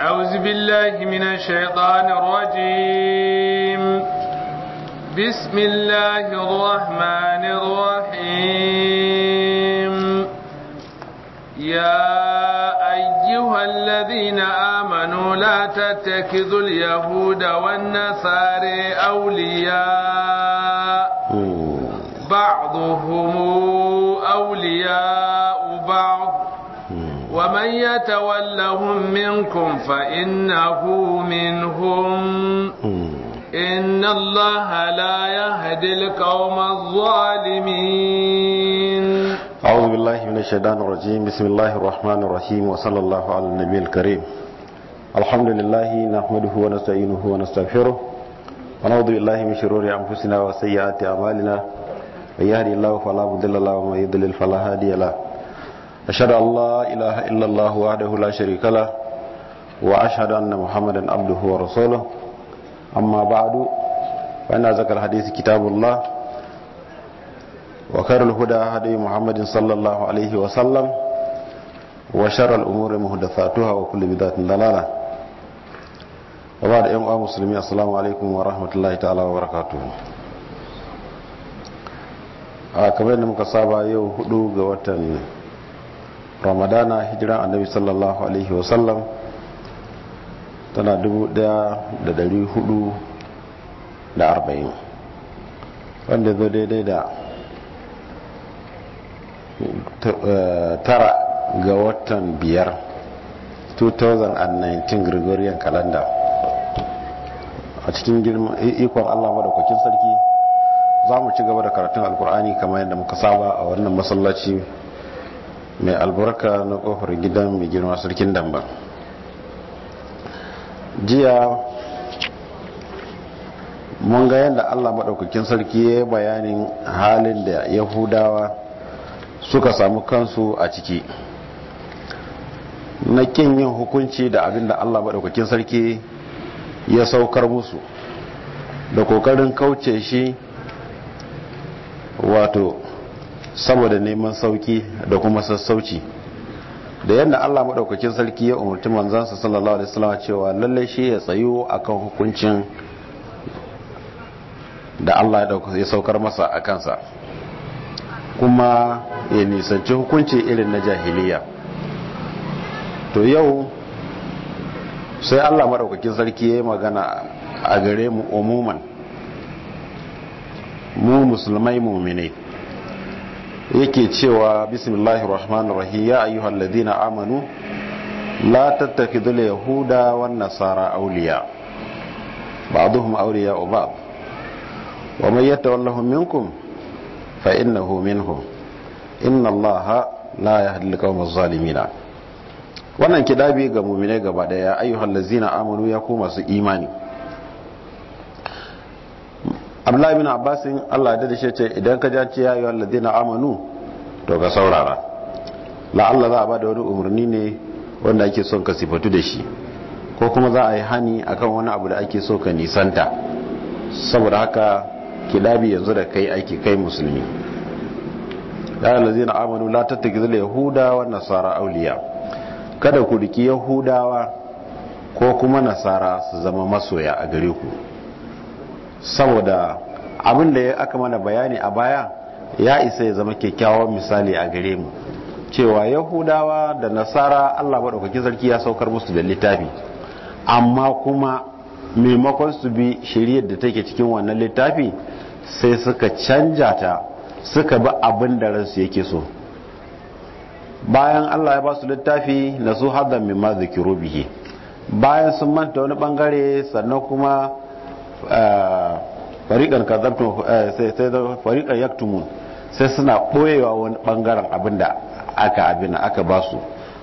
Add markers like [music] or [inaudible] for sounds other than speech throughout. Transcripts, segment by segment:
أعوذ بالله من الشيطان الرجيم بسم الله الرحمن الرحيم يا أيها الذين آمنوا لا تتخذوا اليهود والنصارى أولياء بعضهم يتولهم منكم فإنه منهم إن الله لا يهدي القوم الظالمين أعوذ بالله من الشيطان الرجيم بسم الله الرحمن الرحيم وصلى الله على النبي الكريم الحمد لله نحمده ونستعينه ونستغفره ونعوذ بالله من شرور أنفسنا وسيئات أعمالنا من يهدي الله فلا مضل له ومن يضلل فلا هادي له أشهد أن لا إله إلا الله وحده لا شريك له وأشهد أن محمدا عبده ورسوله أما بعد فإن ذكر الحديث كتاب الله وخير الهدى هدي محمد صلى الله عليه وسلم وشر الأمور محدثاتها وكل بدعة ضلالة وبعد أيها المسلمين السلام عليكم ورحمة الله تعالى وبركاته a kamar da muka saba yau hudu ga watan ramadana hijiran annabi sallallahu alaihi wasallam tana 1440 wanda zo daidai da eh, tara ga watan biyar 2019 gregorian kalanda a cikin ikon allah madaukakin sarki za mu ci gaba da karatun alkur'ani kamar yadda muka saba a wannan masallaci mai albarka na kofar gidan mai girma sarkin damba jiya mun ga yadda allah maɗaukakin sarki ya yi bayanin halin da yahudawa suka samu kansu a ciki na kin yin hukunci da abin da allah maɗaukakin sarki ya saukar musu da ƙoƙarin kauce shi wato saboda neman sauki da kuma sassauci da yadda Allah maɗaukakin sarki ya umarci manzansa sallallahu alaihi wasallam cewa lalle shi ya tsayo akan hukuncin da Allah ya saukar masa a kansa kuma ya nisanci hukunci irin na jahiliya to yau sai Allah madaukakin sarki ya yi magana a gare mu umuman mu musulmai mu mumine yake cewa bismillahir rahmanir rahim ya ayyuhal ladina amanu la dole yahuda wan nasara awliya ba'dhum awliya ba'd wa man yatawallahum minkum fa innahu minhum inna allaha la yahdi al-qawmaz zalimina wannan kidabi ga mu'mine gaba daya ayyuhal ladzina amanu ya ku masu imani abdullahi bin abbas in Allah da shi ce idan ka jace ya wallazi ladina amanu to ka saurara La'alla za a ba da wani umarni ne wanda ake son ka sifatu da shi ko kuma za a yi hani akan wani abu da ake so ka nisanta saboda haka kilabi yanzu da kai aiki kai musulmi ya na amanu la tattakizu yahuda yahudawa nasara auliya kada ku riki yahudawa ko kuma nasara su zama masoya a gare ku saboda abin da aka mana bayani a baya ya isa ya zama kyakkyawan misali a gare mu cewa yahudawa da nasara allah maɗaukaki sarki ya saukar musu da littafi amma kuma maimakon su bi shiriyar da take cikin wannan littafi sai suka canja ta suka bi abin da ransu yake so bayan allah ya ba su littafi na su hadan mimma zikiru bihi bayan sun manta wani bangare sannan kuma fariƙan kazabtum sai fariƙan yaktumun sai suna boyewa wani bangaren abin aka abin aka ba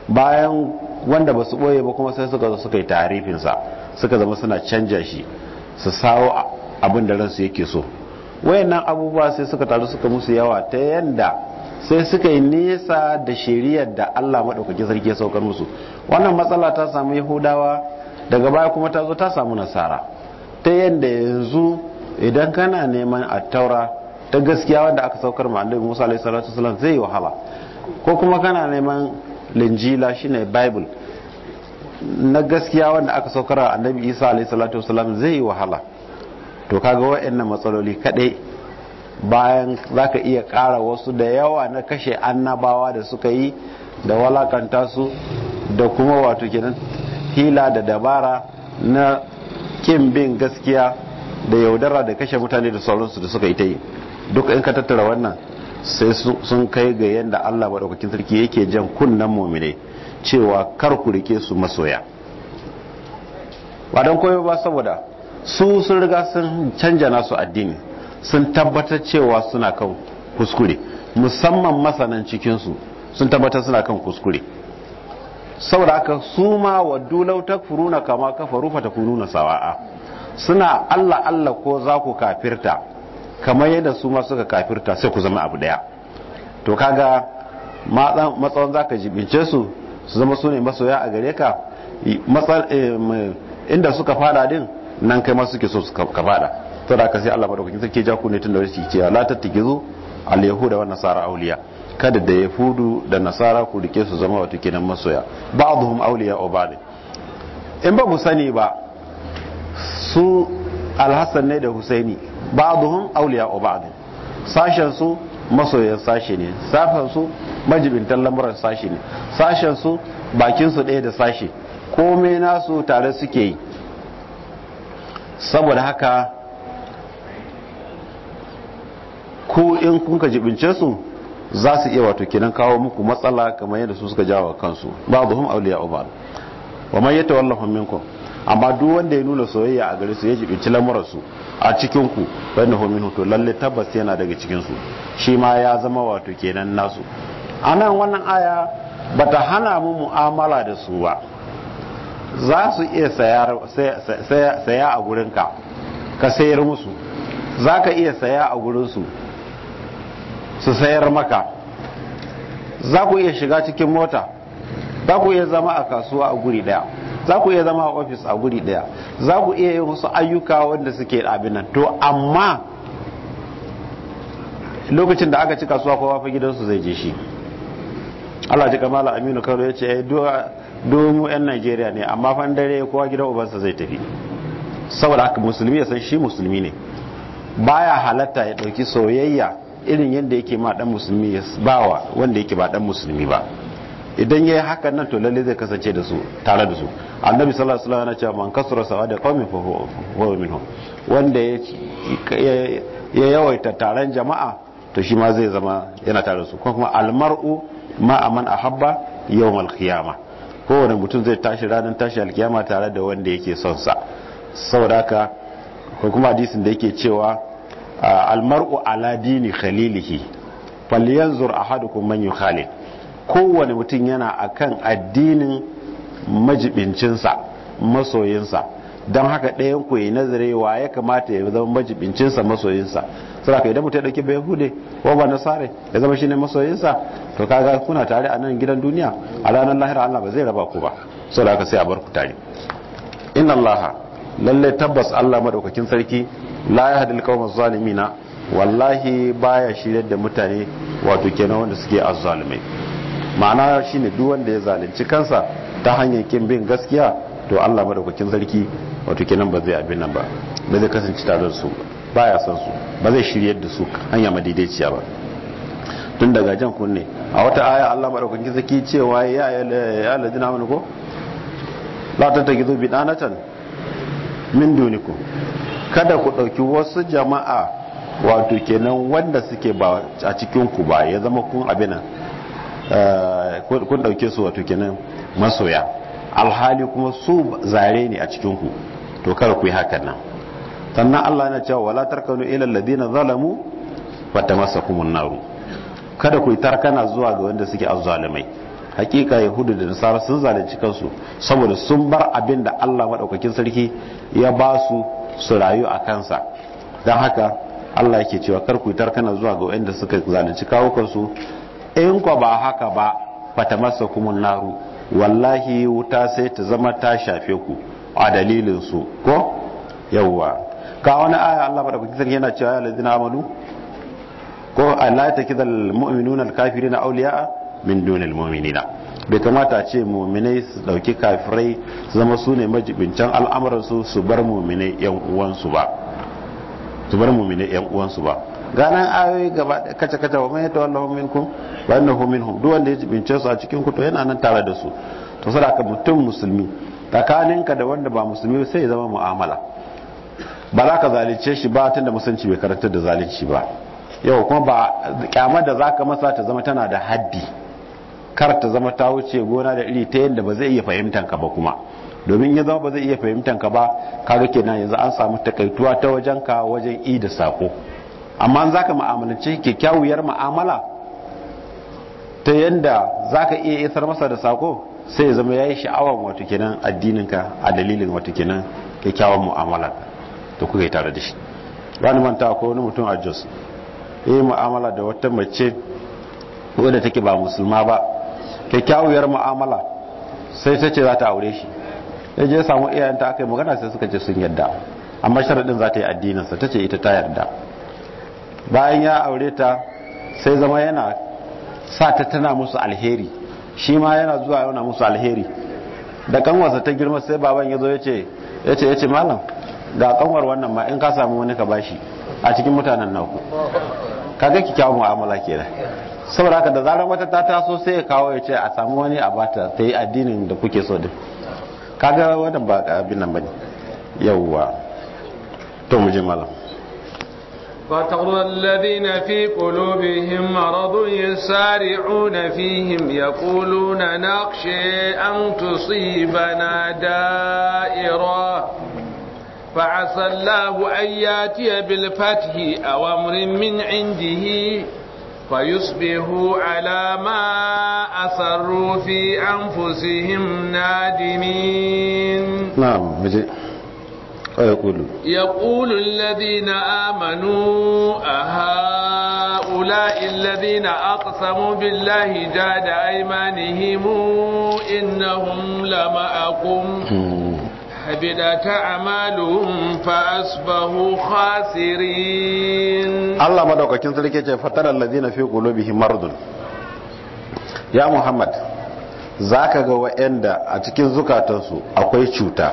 bayan wanda ba su boye ba kuma sai suka zo suka yi tarifinsa suka zama suna canja shi su sawo abin da ransu yake so wayannan abubuwa sai suka taru suka musu yawa ta yanda sai suka yi nesa da shariar da Allah maɗaukaki sarki ya saukar musu wannan matsala ta samu yahudawa daga baya kuma ta zo ta samu nasara ta yadda yanzu idan kana neman a taura ta gaskiya wanda aka saukar ma Musa alaihi zai yi wahala ko kuma kana neman linjila shine bible na gaskiya wanda aka saukar a annabi Isa alaihi salatu zai yi wahala to kaga wa'in na matsaloli kadai bayan zaka iya kara wasu da yawa na kashe annabawa da suka yi da walakanta su da kuma wato kenan hila da dabara na kin bin gaskiya da yaudara da kashe mutane da sauransu da suka yi ta yi duk in ka tattara wannan sai sun kai ga yadda Allah maɗaukakin sarki yake jan kunnen momine cewa kar ku rike su masoya ba don koyo ba saboda su sun riga sun canja nasu addini sun tabbatar cewa suna kan kuskure musamman masanan cikinsu sun tabbatar suna kan kuskure saboda haka su ma waddu dulauta furuna kama kafaru fatakununa sawa'a suna Allah Allah ko za ku kafirta kamar yadda su ma suka kafirta sai ku zama abu daya to kaga za zaka jibince su su zama su ne masoya a gare ka eh, inda suka fada din nan kai ma suke so su ka fada to da aka sai Allah madaukakin sarki ja ku ne tun da wani ke cewa la tattigizu al yahuda wan nasara awliya kada da ya yahudu da nasara ku rike su zama wata kinan masoya Ba ba'dhum awliya wa ba'd in ba mu sani ba su alhassan ne da husaini ba'dhum awliya wa ba'd sashen su masoyan sashi ne sashen su majibintan lamuran sashi ne sashen su bakin su ɗaya da sashi komai nasu tare suke yi saboda haka ku in kun ka jibince su za su iya wato kenan kawo muku matsala kamar yadda su suka jawo kansu ba'dhum awliya'u ba'd wa man wallafa minkum amma duk wanda ya nuna soyayya a gare su ya jiɓi lamuransu a cikin ku bayan homin lallai lalle tabbas yana daga cikinsu. su shi ma ya zama wato kenan nasu anan wannan aya bata hana mu mu'amala da su ba za su iya saya a gurinka ka sayar musu za ka iya saya a gurinsu su sayar maka za ku iya shiga cikin mota za ku iya zama a kasuwa a guri daya za ku iya zama a ofis a guri daya za ku iya yin wasu ayyuka wanda suke abinan to amma lokacin da aka ci kasuwa kowa fa gidansu zai je shi Allah ji kamala Aminu Kano ya ce yi eh, mu yan Najeriya ne amma fan dare kowa gidan ubansa zai tafi saboda haka musulmi ya san shi musulmi ne baya halatta ya ɗauki soyayya irin yadda yake ma dan musulmi ya bawa wanda yake ba dan musulmi ba idan yayi haka nan to lalle zai kasance da su tare da su annabi sallallahu alaihi wasallam cewa man kasura da qaumin fa huwa minhum wanda ya yawaita taron jama'a to shi ma zai zama yana tare da su kuma almar'u ma aman ahabba yawmal qiyamah kowane mutum zai tashi ranar tashi alkiyama tare da wanda yake son sa saboda haka ko kuma hadisin da yake cewa almar'u ala dini khalilihi falyanzur ahadukum man yukhalil kowane mutum yana akan addinin majibincinsa masoyinsa don haka ɗayan ku yi nazari wa ya kamata ya zama majibincinsa masoyinsa sai ka idan mutum ya dauki hude, ko ba nasare ya zama shine masoyinsa to kaga kuna tare a nan gidan duniya a ranar lahira Allah ba zai raba ku ba sai ka sai a bar ku tare inna allaha lalle tabbas Allah madaukakin sarki la ya kawo masu zalimina wallahi baya shirya da mutane wato kenan wanda suke azzalimai ma'ana shine duk wanda ya zalunci kansa ta hanyar kin bin gaskiya to Allah madaukakin sarki wato kenan ba zai abin nan ba ba zai kasance tare da su baya son su ba zai shirya da su hanya madidaiciya ba tun daga jan kunne a wata aya Allah madaukakin sarki cewa ya ya ladina amanu ko la dana tan min dunikum kada ku ɗauki wasu jama'a wato kenan wanda suke ba a cikin ku ba ya zama kun abinan eh, kun ɗauke su wato kenan masoya alhali kuma su zare ne a cikinku to kada ku yi hakan nan sannan Allah na cewa wala tarkanu ila alladhina zalamu fatamassakumun naru kada ku yi tarkana zuwa ga wanda suke azzalimai hakika yahudu da nasara sun zalunci kansu saboda sun bar abin da Allah madaukakin sarki ya ba su su rayu a kansa don haka Allah yake cewa kar ku tarkana zuwa ga wanda suka zalunci kawukansu in kwa ba haka ba masa kumun naru wallahi wuta sai ta zama ta shafe ku a dalilin su ko yawwa ka wani aya Allah bada sarki yana cewa ya lalzina amalu ko Allah ta kidal mu'minuna al-kafirina min dunil mu'minina bai kamata a ce mu'minai su dauki kafirai su zama su ne majibincan al'amuransu su bar mu'minai yan uwansu ba su bar mu'minai yan uwansu ba ganan ayoyi gaba kace kace wa man yatawallahu minkum wa annahu minhum duk wanda ya jibince su a cikin ku to yana nan tare da su to saboda mutum musulmi tsakaninka da wanda ba musulmi sai ya zama mu'amala ba za ka zalice shi ba tunda musulunci bai karatar da zalunci ba yau kuma ba kyamar da za ka masa ta zama tana da haddi kar ta zama ta wuce gona da iri ta yadda ba zai iya fahimtan ka ba kuma domin ya zama ba zai iya fahimtan ka ba kaga kenan yanzu an samu takaituwa ta wajen ka wajen i da sako amma an zaka mu'amalance kyakkyawar mu'amala ta yadda zaka iya isar masa da sako sai ya zama yayi yi wato kenan addinin ka a dalilin wato kenan kyakkyawan mu'amala da kuka yi tare da shi wani manta ko wani mutum a Jos yi mu'amala da wata mace wadda take ba musulma ba kyakkyawar mu'amala sai ta ce za ta aure shi ya je samu iyayenta aka yi magana sai suka ce sun yadda amma sharaɗin za ta yi addininsa ta ce ita ta yarda bayan ya aure ta sai zama yana sa ta tana musu alheri shi ma yana zuwa yana musu alheri da kanwarsa ta girma sai baban ya zo ya ce ya ce malam ga kanwar wannan ma in ka samu wani ka bashi a cikin mutanen nauku kaga kyakkyawar mu'amala kenan saboda haka da zarar wata ta taso sai ya kawo ya ce a samu wani a bata ta yi addinin da kuke so din kaga wannan ba abin nan bane yawwa to mu je malam فترى الذين في قلوبهم مرض يسارعون فيهم يقولون نخشى أن تصيبنا دائرة فعسى الله أن ياتي بالفتح أو أمر من عنده فيصبحوا على ما أصروا في أنفسهم نادمين نعم آه، يقول يقول الذين آمنوا أهؤلاء الذين أقسموا بالله جاد أيمانهم إنهم لمأكم حبطت أعمالهم فأصبحوا خاسرين الله مدوكا كنت لك فترى الذين في قلوبهم مرض يا محمد zaka ga wa'anda a cikin zukatansu akwai cuta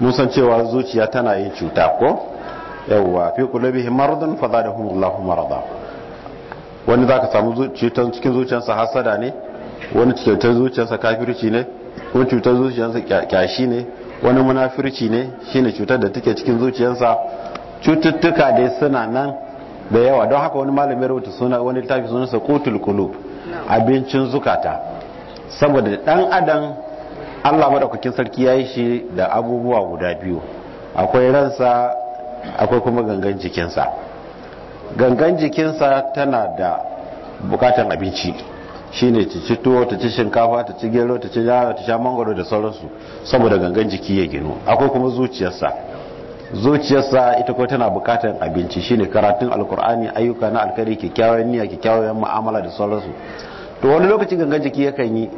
mun san cewa zuciya tana yin cuta ko yawwa fi qulubihim maradun fa zadahumullahu marada wani zaka samu cuta cikin zuciyarsa hasada ne wani cutar zuciyarsa kafirci ne wani cutar zuciyarsa kyashi ne wani munafirci ne shine cutar da take cikin zuciyarsa cututtuka dai suna nan da yawa don haka wani malami rubuta suna wani littafi sunansa qutul qulub abincin zukata saboda dan adam Allah madaukakin sarki ya yi shi da abubuwa guda biyu akwai ransa akwai kuma gangan jikinsa gangan jikinsa tana da bukatan abinci shine ta ci tuwo ta ci shinkafa ta ci gero ta ci dawa ta sha mangoro da sauransu saboda gangan jiki ya ginu akwai kuma zuciyarsa zuciyarsa ita ko tana bukatar abinci shine karatun alkur'ani ayyuka na alkari kyakkyawan niyya kyakkyawan mu'amala da sauransu to wani lokaci gangan jiki yakan yi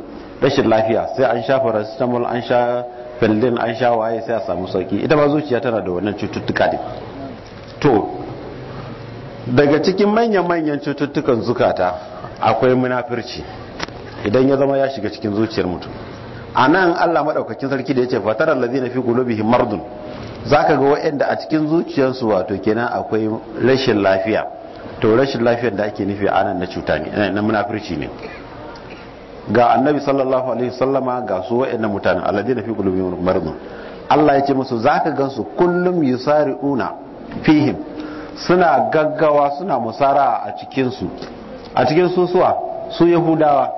rashin lafiya sai an sha paracetamol an sha pendin an sha waye sai a samu sauki ita ma zuciya tana da wannan cututtuka din to daga cikin manya-manyan cututtukan zukata akwai munafirci idan ya zama ya shiga cikin zuciyar mutum a nan allah maɗaukakin sarki da ya ce fatarar lazi na fi qulubihim mardun za ka ga waɗanda a cikin zuciyarsu wato kenan akwai rashin lafiya to rashin lafiyar da ake nufi a nan na cuta ne eh, na munafirci ne ga annabi sallallahu alaihi sallama ga su mutane mutanen alladhi na fi qulubihim mardun Allah ya ce musu ka gansu kullum yusari'una fihim suna gaggawa suna musara a cikinsu. a cikin susuwa su yahudawa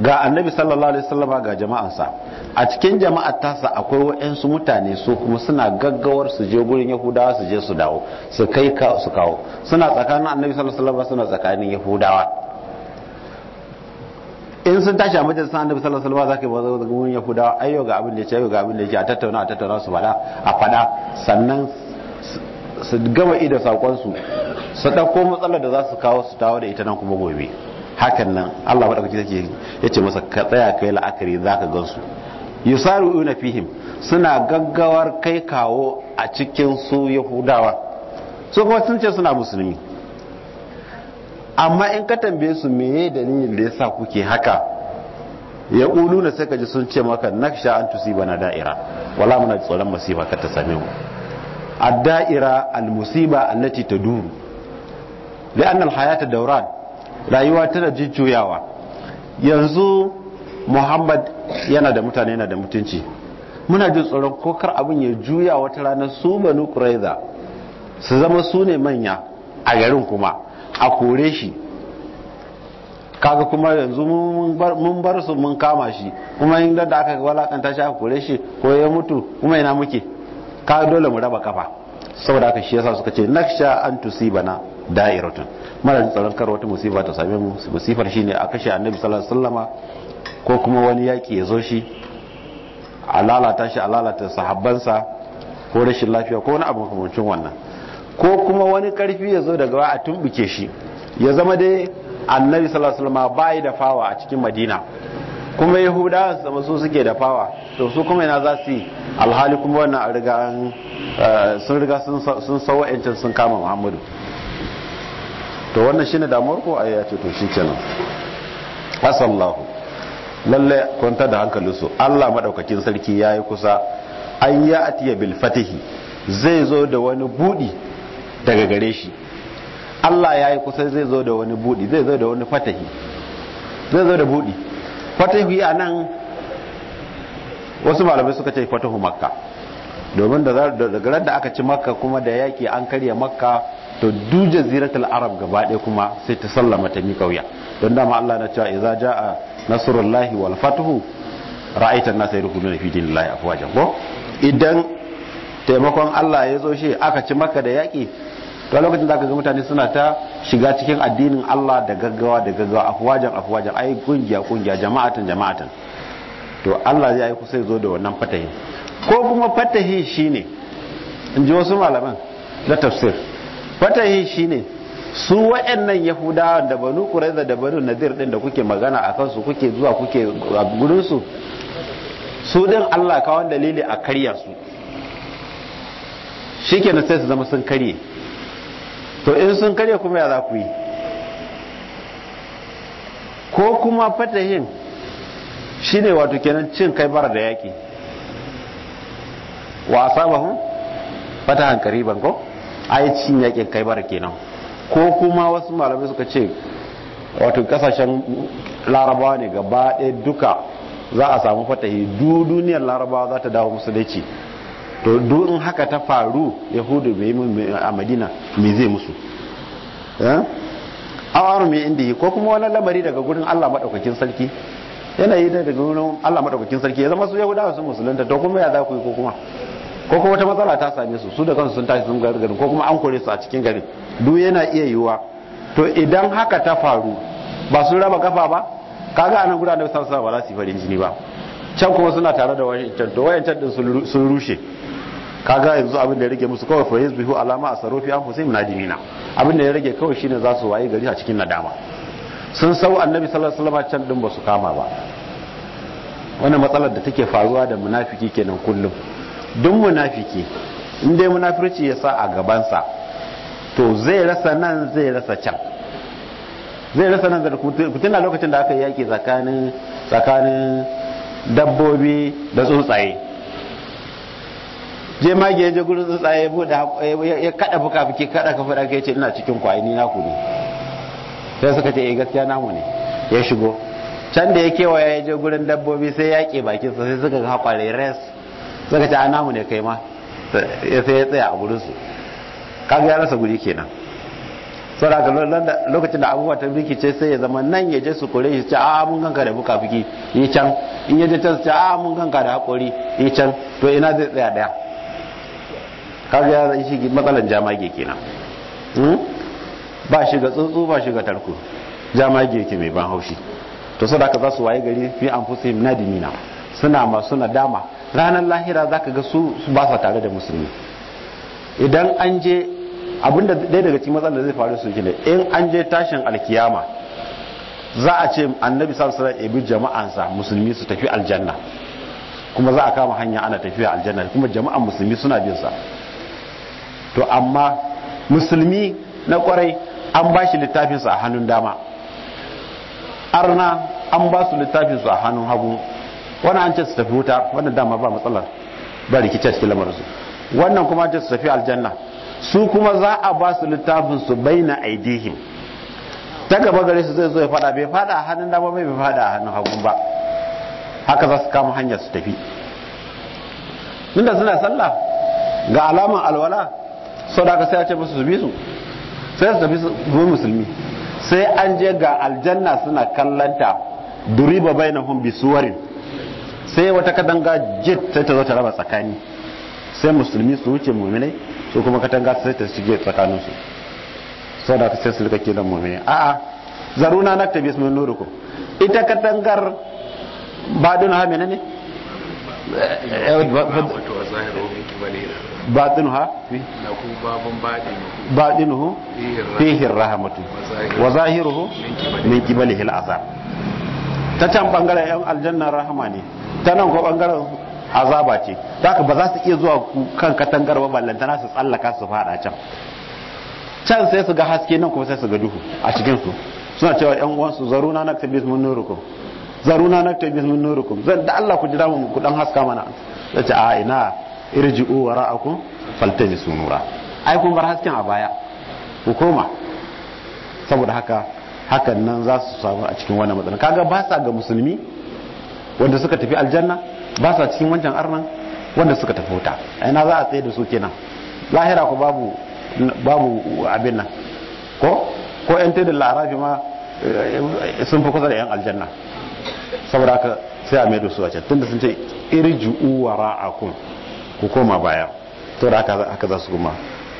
ga annabi sallallahu alaihi wasallam ga jama'ansa a cikin jama'ar tasa akwai waɗansu mutane su kuma suna gaggawar su je gurin yahudawa su je su dawo su kai su kawo suna tsakanin annabi sallallahu alaihi wasallam suna tsakanin yahudawa in sun tashi a majalisar annabi sallallahu alaihi za ka yi ba gurin yahudawa ayyo ga abin da ya ce ga abin da ya ce a tattauna a tattauna su fada a fada sannan su gama ida sakonsu su ɗauko matsalar da za su kawo su tawo da ita nan kuma gobe hakan nan Allah maɗaukaki take ya ce masa ka tsaya kai la'akari za ka gansu yusaru una fihim suna gaggawar kai kawo a cikin su yahudawa su kuma sun ce suna musulmi amma in ka tambaye su meye dalilin da yasa kuke haka ya ƙulu na sai ka ji sun ce maka naksha an tusi bana da'ira wala muna tsoron masifa ka ta same mu الدائرة المصيبة التي تدور لأن الحياة دوران rayuwa tana ياوا yanzu muhammad yana da mutane yana da mutunci muna jin tsoron kokar abin ya juya wata ranar su banu kuraiza su zama su ne manya a garin kuma a kore shi kaga kuma yanzu mun bar su mun kama shi kuma inda da aka walakanta shi a kore shi ko ya mutu kuma ina muke ka dole mu raba kafa saboda haka shi yasa suka ce naksha an tusibana da'iratun mara tsaron kar wata musiba ta same mu musifar shine a kashe annabi sallallahu alaihi wasallama ko kuma wani yaki ya zo shi a lalata shi a lalata sahabbansa ko rashin lafiya ko wani abu makamancin wannan ko kuma wani karfi ya zo daga a tumbuke shi ya zama dai annabi sallallahu alaihi wasallam bai da fawa a cikin madina kuma yahudawa sama su suke da fawa to su kuma yana za su yi alhali kuma wannan a riga eh, sun riga sun sau yancin sun kama muhammadu to wannan shine damuwar ko yi ya ce to kenan asallahu lalle kwanta da hankalinsu Allah madaukakin sarki ya yi kusa an yi atiya bil fatihi zai zo da wani budi daga gare shi Allah ya yi kusa zai zo da wani budi zai zo da wani fatahi zai zo da budi fatahu a nan wasu malamai suka ce fatahu makka domin da daga da aka ci makka kuma da yaki an karya makka to du jaziratul arab gaba ɗaya kuma sai ta sallama ta miƙauya wuya don dama Allah na cewa idza jaa nasrullahi wal fathu ra'aita an-nasa yadkhuluna fi dinillahi afwajan ko idan taimakon Allah ya zo shi aka ci makka da yaki to lokacin aka ga mutane suna ta shiga cikin addinin Allah da gaggawa da gaggawa afwajan afwajan ai kungiya kungiya jama'atan jama'atan to Allah zai yi sai zo da wannan fatahi ko kuma fatahi shine in ji wasu malaman na tafsir fatahi shine su waɗannan yahudawa da banu quraiza da banu nadir din da kuke magana a kansu kuke zuwa kuke gurin su su din Allah kawan dalili a karyar su shikenan sai su zama sun karye to in sun karya kuma ya za ku yi ko kuma fatahin shine wato kenan cin kai bara da yaƙi wa asabahum fatahan qariban ko yi cin yaƙin kai bara kenan ko kuma wasu malamai suka ce wato kasashen larabawa ne gaba ɗaya duka za a samu fatahi du duniyar larabawa za ta dawo musulunci to duk in haka ta faru yahudu bai yi a madina me zai musu eh? awar mai inda yi ko kuma wani lamari daga gudun allah maɗaukakin sarki yanayi da daga gudun allah maɗaukakin sarki ya zama su yahudawa sun musulunta to kuma ya za ku yi ko kuma ko kuma wata matsala ta same su su da kansu sun tashi sun garin ko kuma an kore su a cikin garin duk yana iya yiwuwa to idan haka ta faru ba sun raba kafa ba kaga anan gudanar da sa ba za su yi farin jini ba can kuma suna tare da wayancan to wayancan din sun rushe Ka ga yanzu abin da ya rage musu kawai fayyiz bihu alama a sarofi an husayn nadimina abin da ya rage kawai shine za su waye gari a cikin nadama sun sau annabi sallallahu alaihi wasallam can din ba su kama ba Wani matsalar da take faruwa da munafiki kenan kullum duk munafiki in dai munafirci ya sa a gabansa to zai rasa nan zai rasa can zai rasa nan da kutuna lokacin da aka yi yaki tsakanin tsakanin dabbobi da tsuntsaye je mage ya je gurin tsuntsaye ya bude ya kada buka buke kada ka fada kai ce ina cikin kwayi ni naku ne sai suka ce eh gaskiya namu ne ya shigo can da ya kewaye ya je gurin dabbobi sai ya ke bakin sa sai suka ga kware res suka ce a namu ne kai ma sai ya tsaya a gurin su kaga ya rasa guri kenan saboda lokacin da abubuwa ta ce sai ya zama nan ya je su kore shi ce a mun ganka da buka fiki ni can in ya je can su ce a mun ganka da hakori ni can to ina zai tsaya daya kaga ya shi matsalan jamage kenan hmm? ba shi ga tsuntsu ba shi ga tarko jamage yake mai ban haushi to sadaka za su waye gari fi na nadimina suna masu nadama ranar lahira zaka ga su ba sa tare da musulmi idan an je abinda ɗaya daga cikin matsalar zai faru su ne in an je tashin alkiyama za a ce annabi sallallahu alaihi wasallam jama'ansa musulmi su tafi aljanna kuma za a kama hanya ana tafiya aljanna kuma jama'an musulmi suna bin sa to amma musulmi na kwarai an ba shi littafinsu a hannun dama arna an ba su littafinsu a hannun hagu wani an ce su tafi wuta wannan dama ba matsalar ba rikice cikin lamarinsu wannan kuma an ce su tafi aljanna su kuma za a ba su littafinsu bai na aidihim ta gaba gare su zai zo ya fada bai fada a hannun dama bai bai fada a hannun hagu ba haka za su kama hanyar su tafi tunda suna sallah ga alaman alwala sau da sai a ce musu su bi su sai su tafi su musulmi sai an je ga aljanna suna kallanta duriba na bi suwarin sai wata katanga jet sai ta zo ta raba tsakani sai musulmi su wuce mu'minai su kuma katanga sai ta shige tsakanin su sau da sai su lika rika kiran a a zaruna na naktabi ismin nurukum ita katangar ba dun hamina ne باطنها باطنه فيه الرحمة وظاهره من قبله العذاب تتم بانغالا يوم الجنة رحمة تنم كو بانغالا azaba ce zaka ba za su iya zuwa kan katangar ba ballantana can sai su ga haske nan kuma sai su ga duhu a cikin su suna cewa yan uwansu zaruna na naktabis mun nurukum zaruna na naktabis mun nurukum zan da Allah ku jira mu ku dan haska mana sai ce a ina irji'u wara'akum faltamisu nura ai kun bar hasken a baya ku koma saboda haka hakan nan za su samu a cikin wannan matsalar kaga ba sa ga musulmi wanda suka tafi aljanna ba sa cikin wancan arnan wanda suka tafi wuta na za a tsaye da su kenan lahira ku babu babu abin nan ko ko yan da la'arafi ma eh, sun fi kusa da yan aljanna saboda haka sai a da su a can tunda sun ce irji'u wara'akum ku koma baya to da haka za su kuma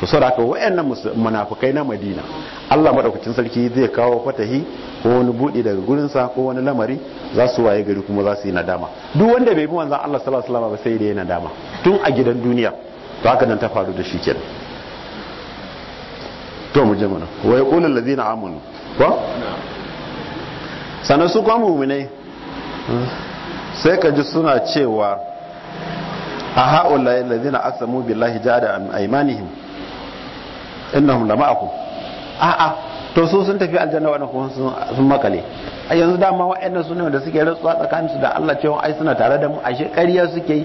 to sau da haka wayannan munafukai na madina allah maɗaukacin sarki zai kawo fatahi ko wani buɗe daga gurinsa ko wani lamari za su waye gari kuma za su yi nadama duk wanda bai bi wanzan allah sallallahu alaihi ba sai da yana nadama tun a gidan duniya to haka nan ta faru da shi kenan to mu je mana wa yaqulu allazina amanu ko sanan su kuma mu'minai sai ka ji suna cewa a ha'ula allazina aqsamu billahi jada aymanihim innahum lama'akum a a to su sun tafi aljanna wannan kuma sun makale a yanzu dama wa'annan su ne da suke rantsuwa tsakanin su da Allah cewa ai suna tare da mu ashe ƙarya suke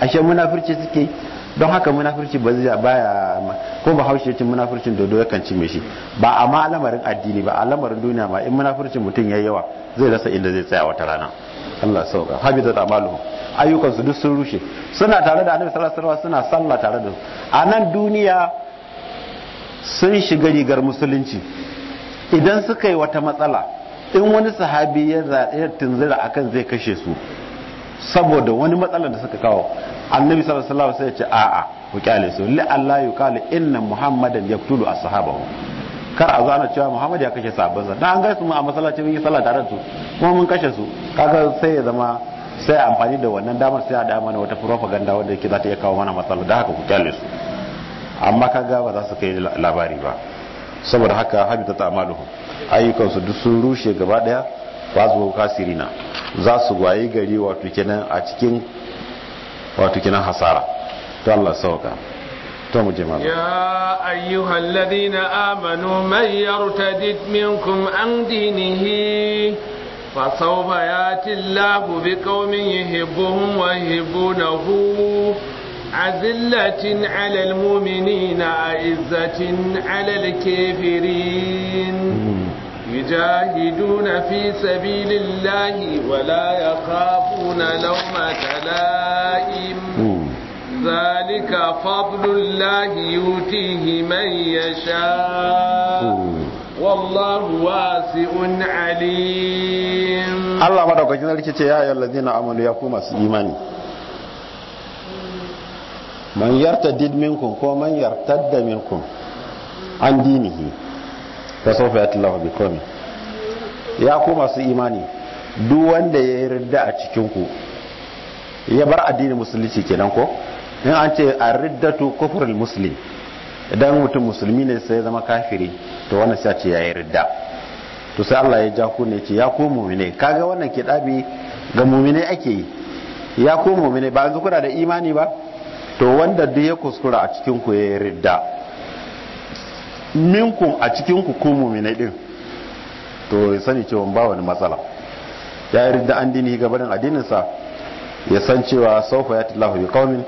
ashe munafurci suke don haka munafurci ba zai baya ko ba haushe cin munafurcin dodo yakan ci shi ba a ma lamarin addini ba a lamarin duniya ma in munafurcin mutum yi yawa zai rasa inda zai tsaya wata rana Allah sauka da amaluhum ayyukan su duk sun rushe suna tare da annabi sallallahu alaihi wasallam suna sallah tare da su a nan duniya sun shiga rigar musulunci idan suka yi wata matsala in wani sahabi ya zaɗe tunzira akan zai kashe su saboda wani matsala da suka kawo annabi sallallahu alaihi wasallam sai ya ce a'a ku kyale su li Allah inna muhammadan yaqtulu ashabahu kar a zana cewa muhammad ya kashe sahabbansa dan an gaisu su a masallaci mun yi sallah tare da su kuma mun kashe su kaga sai ya zama sai amfani da wannan damar sai a da mana wata propaganda wanda yake za ta iya kawo mana matsala da haka ku kyale su amma kaga ba za su kai labari ba saboda haka habita ta amaluhu ayyukan su duk sun rushe gaba daya ba su sirina za su gwaye gari wato kenan a cikin wato kenan hasara to Allah sauka يا أيها الذين آمنوا من يرتد منكم عن دينه فسوف يأتي الله بقوم يحبهم ويحبونه عزلة على المؤمنين عزة على الكافرين يجاهدون في سبيل الله ولا يخافون لومة لائم ذلك فضل الله يؤتيه من يشاء wallahu hmm. واسع عليم الله madaukakin sarki ce ya الذين ladina يقوم ya من masu imani man yartadid minkum ko man yartadda minkum an dinihi ya ku masu imani duk wanda ya yarda a cikinku, ya bar addinin musulunci kenan ko in an ce a riddatu kufrul muslim idan mutum musulmi ne sai zama kafiri to wannan sai ce yayi ridda to sai Allah ya ja ku ne ce ya ku mu'mine kaga wannan kidabi ga mu'mine ake yi ya ku mu'mine ba yanzu kuna da imani ba to wanda duk ya kuskura a cikin ku yayi ridda minkum a cikin ku ku mu'mine din to ya sani cewa ba wani matsala ya yi ridda an dini gabanin addinin sa ya san cewa saufa ya tillahu bi qaumin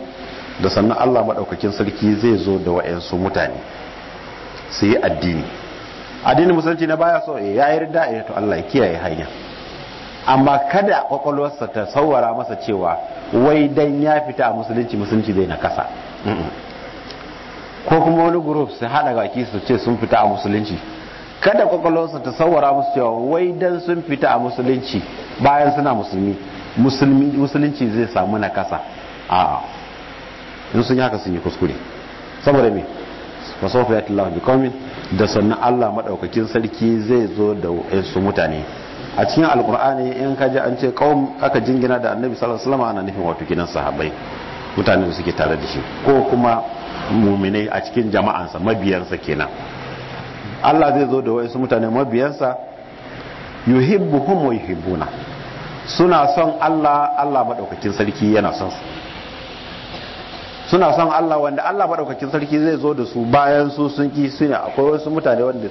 da sannan Allah maɗaukakin sarki zai zo da wa'yansu mutane su yi addini addinin musulunci na baya so eh, ya yi rida ya eh, to Allah ya kiyaye hanya amma kada kwakwalwarsa ta saurara masa cewa wai dan ya fita a musulunci musulunci zai na kasa ko kuma wani group su haɗa baki su ce sun fita a musulunci kada kwakwalwarsa ta saurara masa cewa wai dan sun fita a musulunci bayan suna musulmi musulunci zai samu na kasa in sun yaka sun yi kuskure saboda me wa ya tilawa Allahu komin da sannan Allah maɗaukakin sarki zai zo da su mutane a cikin alkur'ani in ka ji an ce kawun aka jingina da annabi sallallahu alaihi wasallam ana nufin wato gidan sahabbai mutane da suke tare da shi ko kuma muminai a cikin jama'ansa mabiyansa kenan Allah zai zo da wasu mutane mabiyansa yuhibbuhum wa yuhibbuna suna son Allah Allah maɗaukakin sarki yana son su suna son Allah wanda Allah maɗaukakin sarki zai zo da su bayan su sun ki suna akwai wasu mutane wanda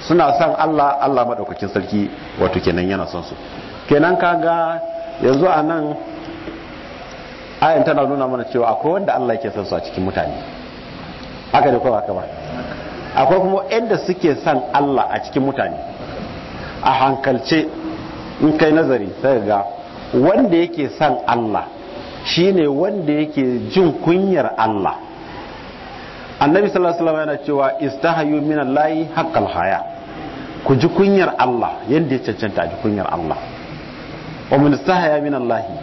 suna son Allah Allah maɗaukakin sarki wato kenan yana son su kenan kaga yanzu a nan ayan tana nuna mana cewa akwai wanda Allah yake son su a cikin mutane haka da kuma haka ba akwai kuma inda suke son Allah a cikin mutane a hankalce in kai nazari sai ga wanda yake son Allah shine wanda yake jin kunyar Allah annabi sallallahu alaihi wasallam yana cewa istahayu min allahi haqqal haya ku ji kunyar Allah yanda ya cancanta ji kunyar Allah wa min istahaya min allahi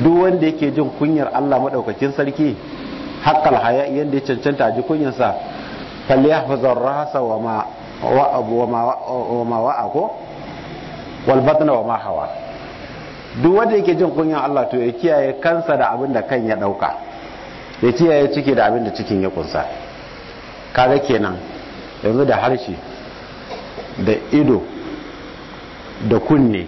duk wanda yake jin kunyar Allah madaukakin sarki haqqal haya yanda ya cancanta ji kunyar sa falyahfazu ar-rasa wa ma wa abu wa ma wa ma wa ako wal batna wa ma hawa duk wanda yake jin kunyan Allah to ya kiyaye kansa da abin da kan ya dauka ya kiyaye ciki da abin da cikin ya kunsa kaga kenan yanzu da harshe da ido da kunne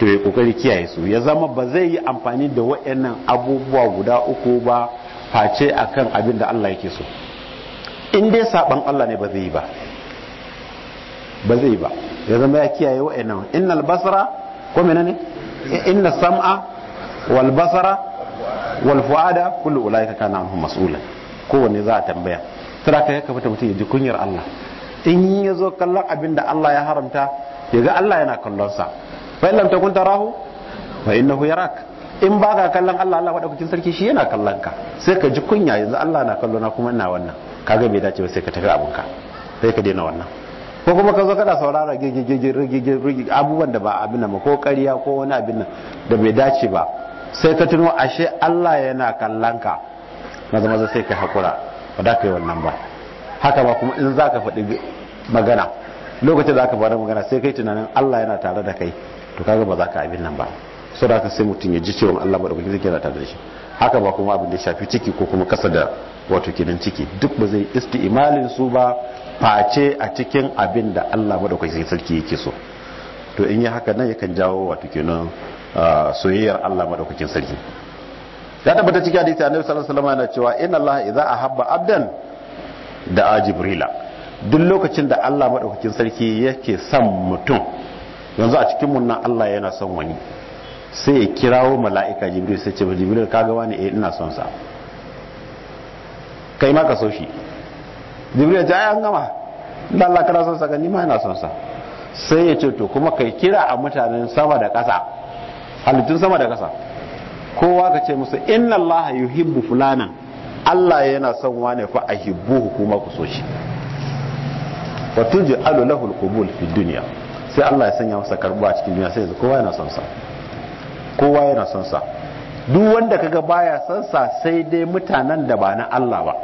to ya kokari kiyaye su ya zama ba zai yi amfani da waɗannan abubuwa guda uku ba face akan abin da Allah yake so in dai saban Allah ne ba zai yi ba ba zai yi ba ya zama ya kiyaye waɗannan innal basra ko menene inna sam'a wal basara wal fu'ada kullu ulaika kana mas'ula kowanne za tambaya tara kai ka fita mutum ya ji kunyar Allah in ya zo kallon abinda Allah ya haramta ya ga Allah yana kallon sa fa illam takun tarahu fa innahu yarak in ba ka kallon Allah Allah kucin sarki shi yana kallon ka sai ka ji kunya yanzu Allah na kallona kuma ina wannan kaga bai dace ba sai ka tafi abunka sai ka daina wannan ko kuma ka zo kada saurara gege gege gege abubuwan da ba abin nan ko ƙarya ko wani abin nan da bai dace ba sai ka tuno ashe Allah yana kallan ka maza maza sai ka hakura ba da kai wannan ba haka ba kuma in zaka faɗi magana lokacin da zaka fara magana sai kai tunanin Allah yana tare da kai to kaga ba za ka abin nan ba saboda sai mutun ya ji cewa Allah ba da kike tare da shi haka ba kuma abin da shafi ciki ko kuma kasa da wato kinan ciki duk ba zai iski imalin su ba face a cikin abin da Allah madaukakin sarki yake so to in yi haka nan yakan jawo wato kinan ah, soyayyar Allah madaukakin sarki ya tabbata cikin hadisi annabi sallallahu alaihi wasallam yana cewa inna Allah idza ahabba abdan da a duk lokacin da Allah madaukakin sarki yake son mutum yanzu a cikin mun Allah yana son wani sai ya kirawo mala'ika jibril sai ce jibril kaga wani eh ina son sa kai ma ka so shi jibril ya ji an gama dan Allah kana son sa ka ni ma ina son sa sai ya ce to kuma kai kira a mutanen sama da ƙasa halittun sama da ƙasa kowa ka ce musu inna Allah yuhibbu fulanan Allah yana son wane fa ahibbuhu kuma ku so shi wa tuj'alu lahu al-qubul fi dunya sai Allah ya sanya masa karbuwa cikin duniya sai yanzu kowa yana son sa kowa yana son sa duk wanda kaga baya son sa sai dai mutanen da ba na Allah ba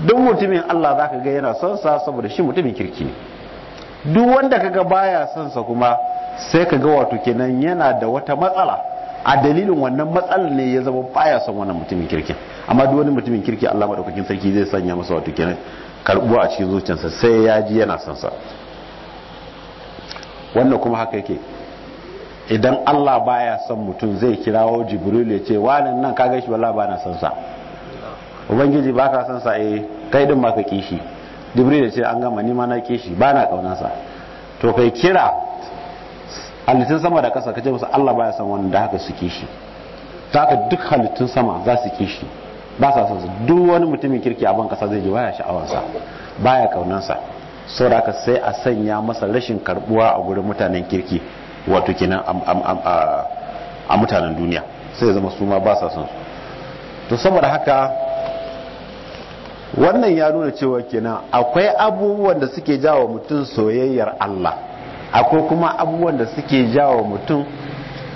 duk mutumin Allah za ka ga yana son sa saboda shi mutumin kirki ne duk wanda ka ga baya son sa kuma sai ka ga wato kenan yana da wata matsala a dalilin wannan matsalar ne ya zama baya son wannan mutumin kirki. amma duk wani mutumin kirki Allah madaukakin sarki zai sanya masa wato kenan karbuwa a cikin zuciyarsa sai ya ji yana son sa wannan kuma haka yake idan Allah baya son mutum zai kirawo Jibril ya ce wannan nan kaga shi wallahi ba na son sa ubangiji ba ka san sa eh, kai din ma ka kishi jibril da ce an gama ni ma na kishi ba na kaunansa to kai kira halittun sama da kasa kace musu Allah baya san wanda haka su kishi ta ka duk halittun sama za su kishi ba sa san su duk wani mutumin kirki a ban kasa zai ji baya sha'awansa baya kaunansa da haka sai a sanya masa rashin karbuwa a gurin mutanen kirki wato kenan a mutanen duniya sai zama su ma ba sa son su to saboda haka wannan ya nuna cewa kenan akwai abubuwan da suke jawo mutum soyayyar Allah akwai kuma abubuwan da suke jawo mutum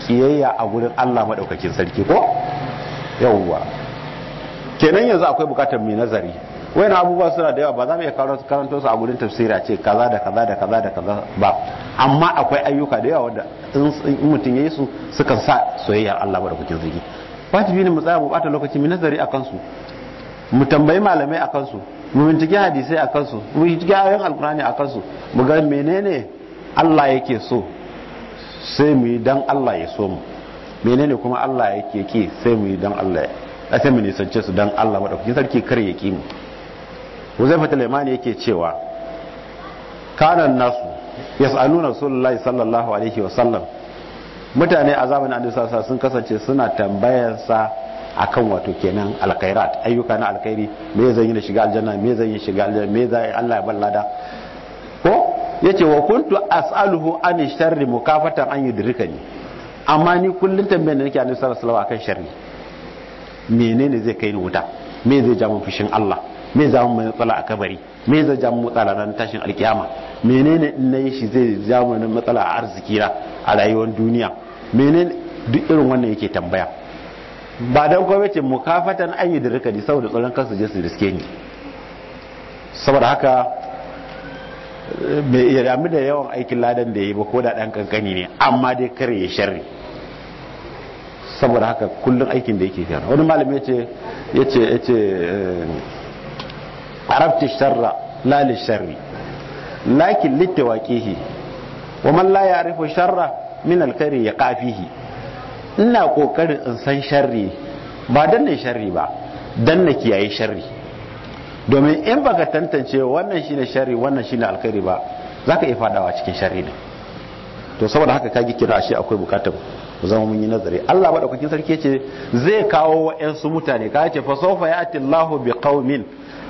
kiyayya a gurin Allah madaukakin sarki ko yawwa kenan yanzu akwai bukatar mai nazari wani abubuwa suna da yawa ba za mu iya karanto su a gurin tafsira ce kaza da kaza da kaza da kaza ba amma akwai ayyuka da yawa wanda in mutum yayi su sukan sa soyayyar Allah madaukakin sarki wajibi ne mu tsaya mu bata lokaci mai nazari akan su mu tambayi malamai a kansu mu bincike hadisai a kansu mu bincike ayoyin alkurani a kansu mu ga menene Allah yake so sai mu yi dan Allah ya so mu menene kuma Allah yake ki sai mu yi dan Allah ya sai mu nisance su dan Allah madaukakin sarki kar ya ki mu Huzaifa Talimani yake cewa kanan nasu yas'aluna nuna sallallahu alaihi wa sallam mutane a zamanin Annabi sun kasance suna tambayar sa. akan wato kenan alkhairat ayyuka na alkhairi me zan yi na shiga aljanna me zan yi shiga aljanna me zai Allah ya ballada ko yace wa kuntu as'aluhu an sharri mukafatan an yudrikani amma ni kullun tambayar da nake annabi sallallahu alaihi wasallam akan sharri menene zai kai ni wuta me zai ja fushin Allah me za mu matsala a kabari me zai ja mu matsala ran tashin alkiyama menene in nayi shi zai ja mu matsala a arziki na a rayuwar duniya menene duk irin wannan yake tambaya ba dan gwamnati mukafatan an yi da rikadi saboda tsoron kansu je su riske ni saboda haka bai iya damu da yawan aikin ladan da ya yi ba ko da ɗan kankani ne amma dai kare ya sharri saboda haka kullum aikin da yake fiye wani malami ya ce ya ce ya ce eh, arabti sharra lali sharri lakin kehi wa man la ya arifu sharra min alkhairi ya kafihi ina kokarin in san sharri ba ne sharri ba na kiyaye sharri domin in baka tantance wannan shine sharri wannan shine alkhairi ba zaka iya fadawa cikin sharri ne to saboda haka kage kira shi akwai bukatar zama mun yi nazari Allah ba madaukakin sarki ce zai kawo wa'ansu mutane ka ce fa ya ya'ti Allahu bi qaumin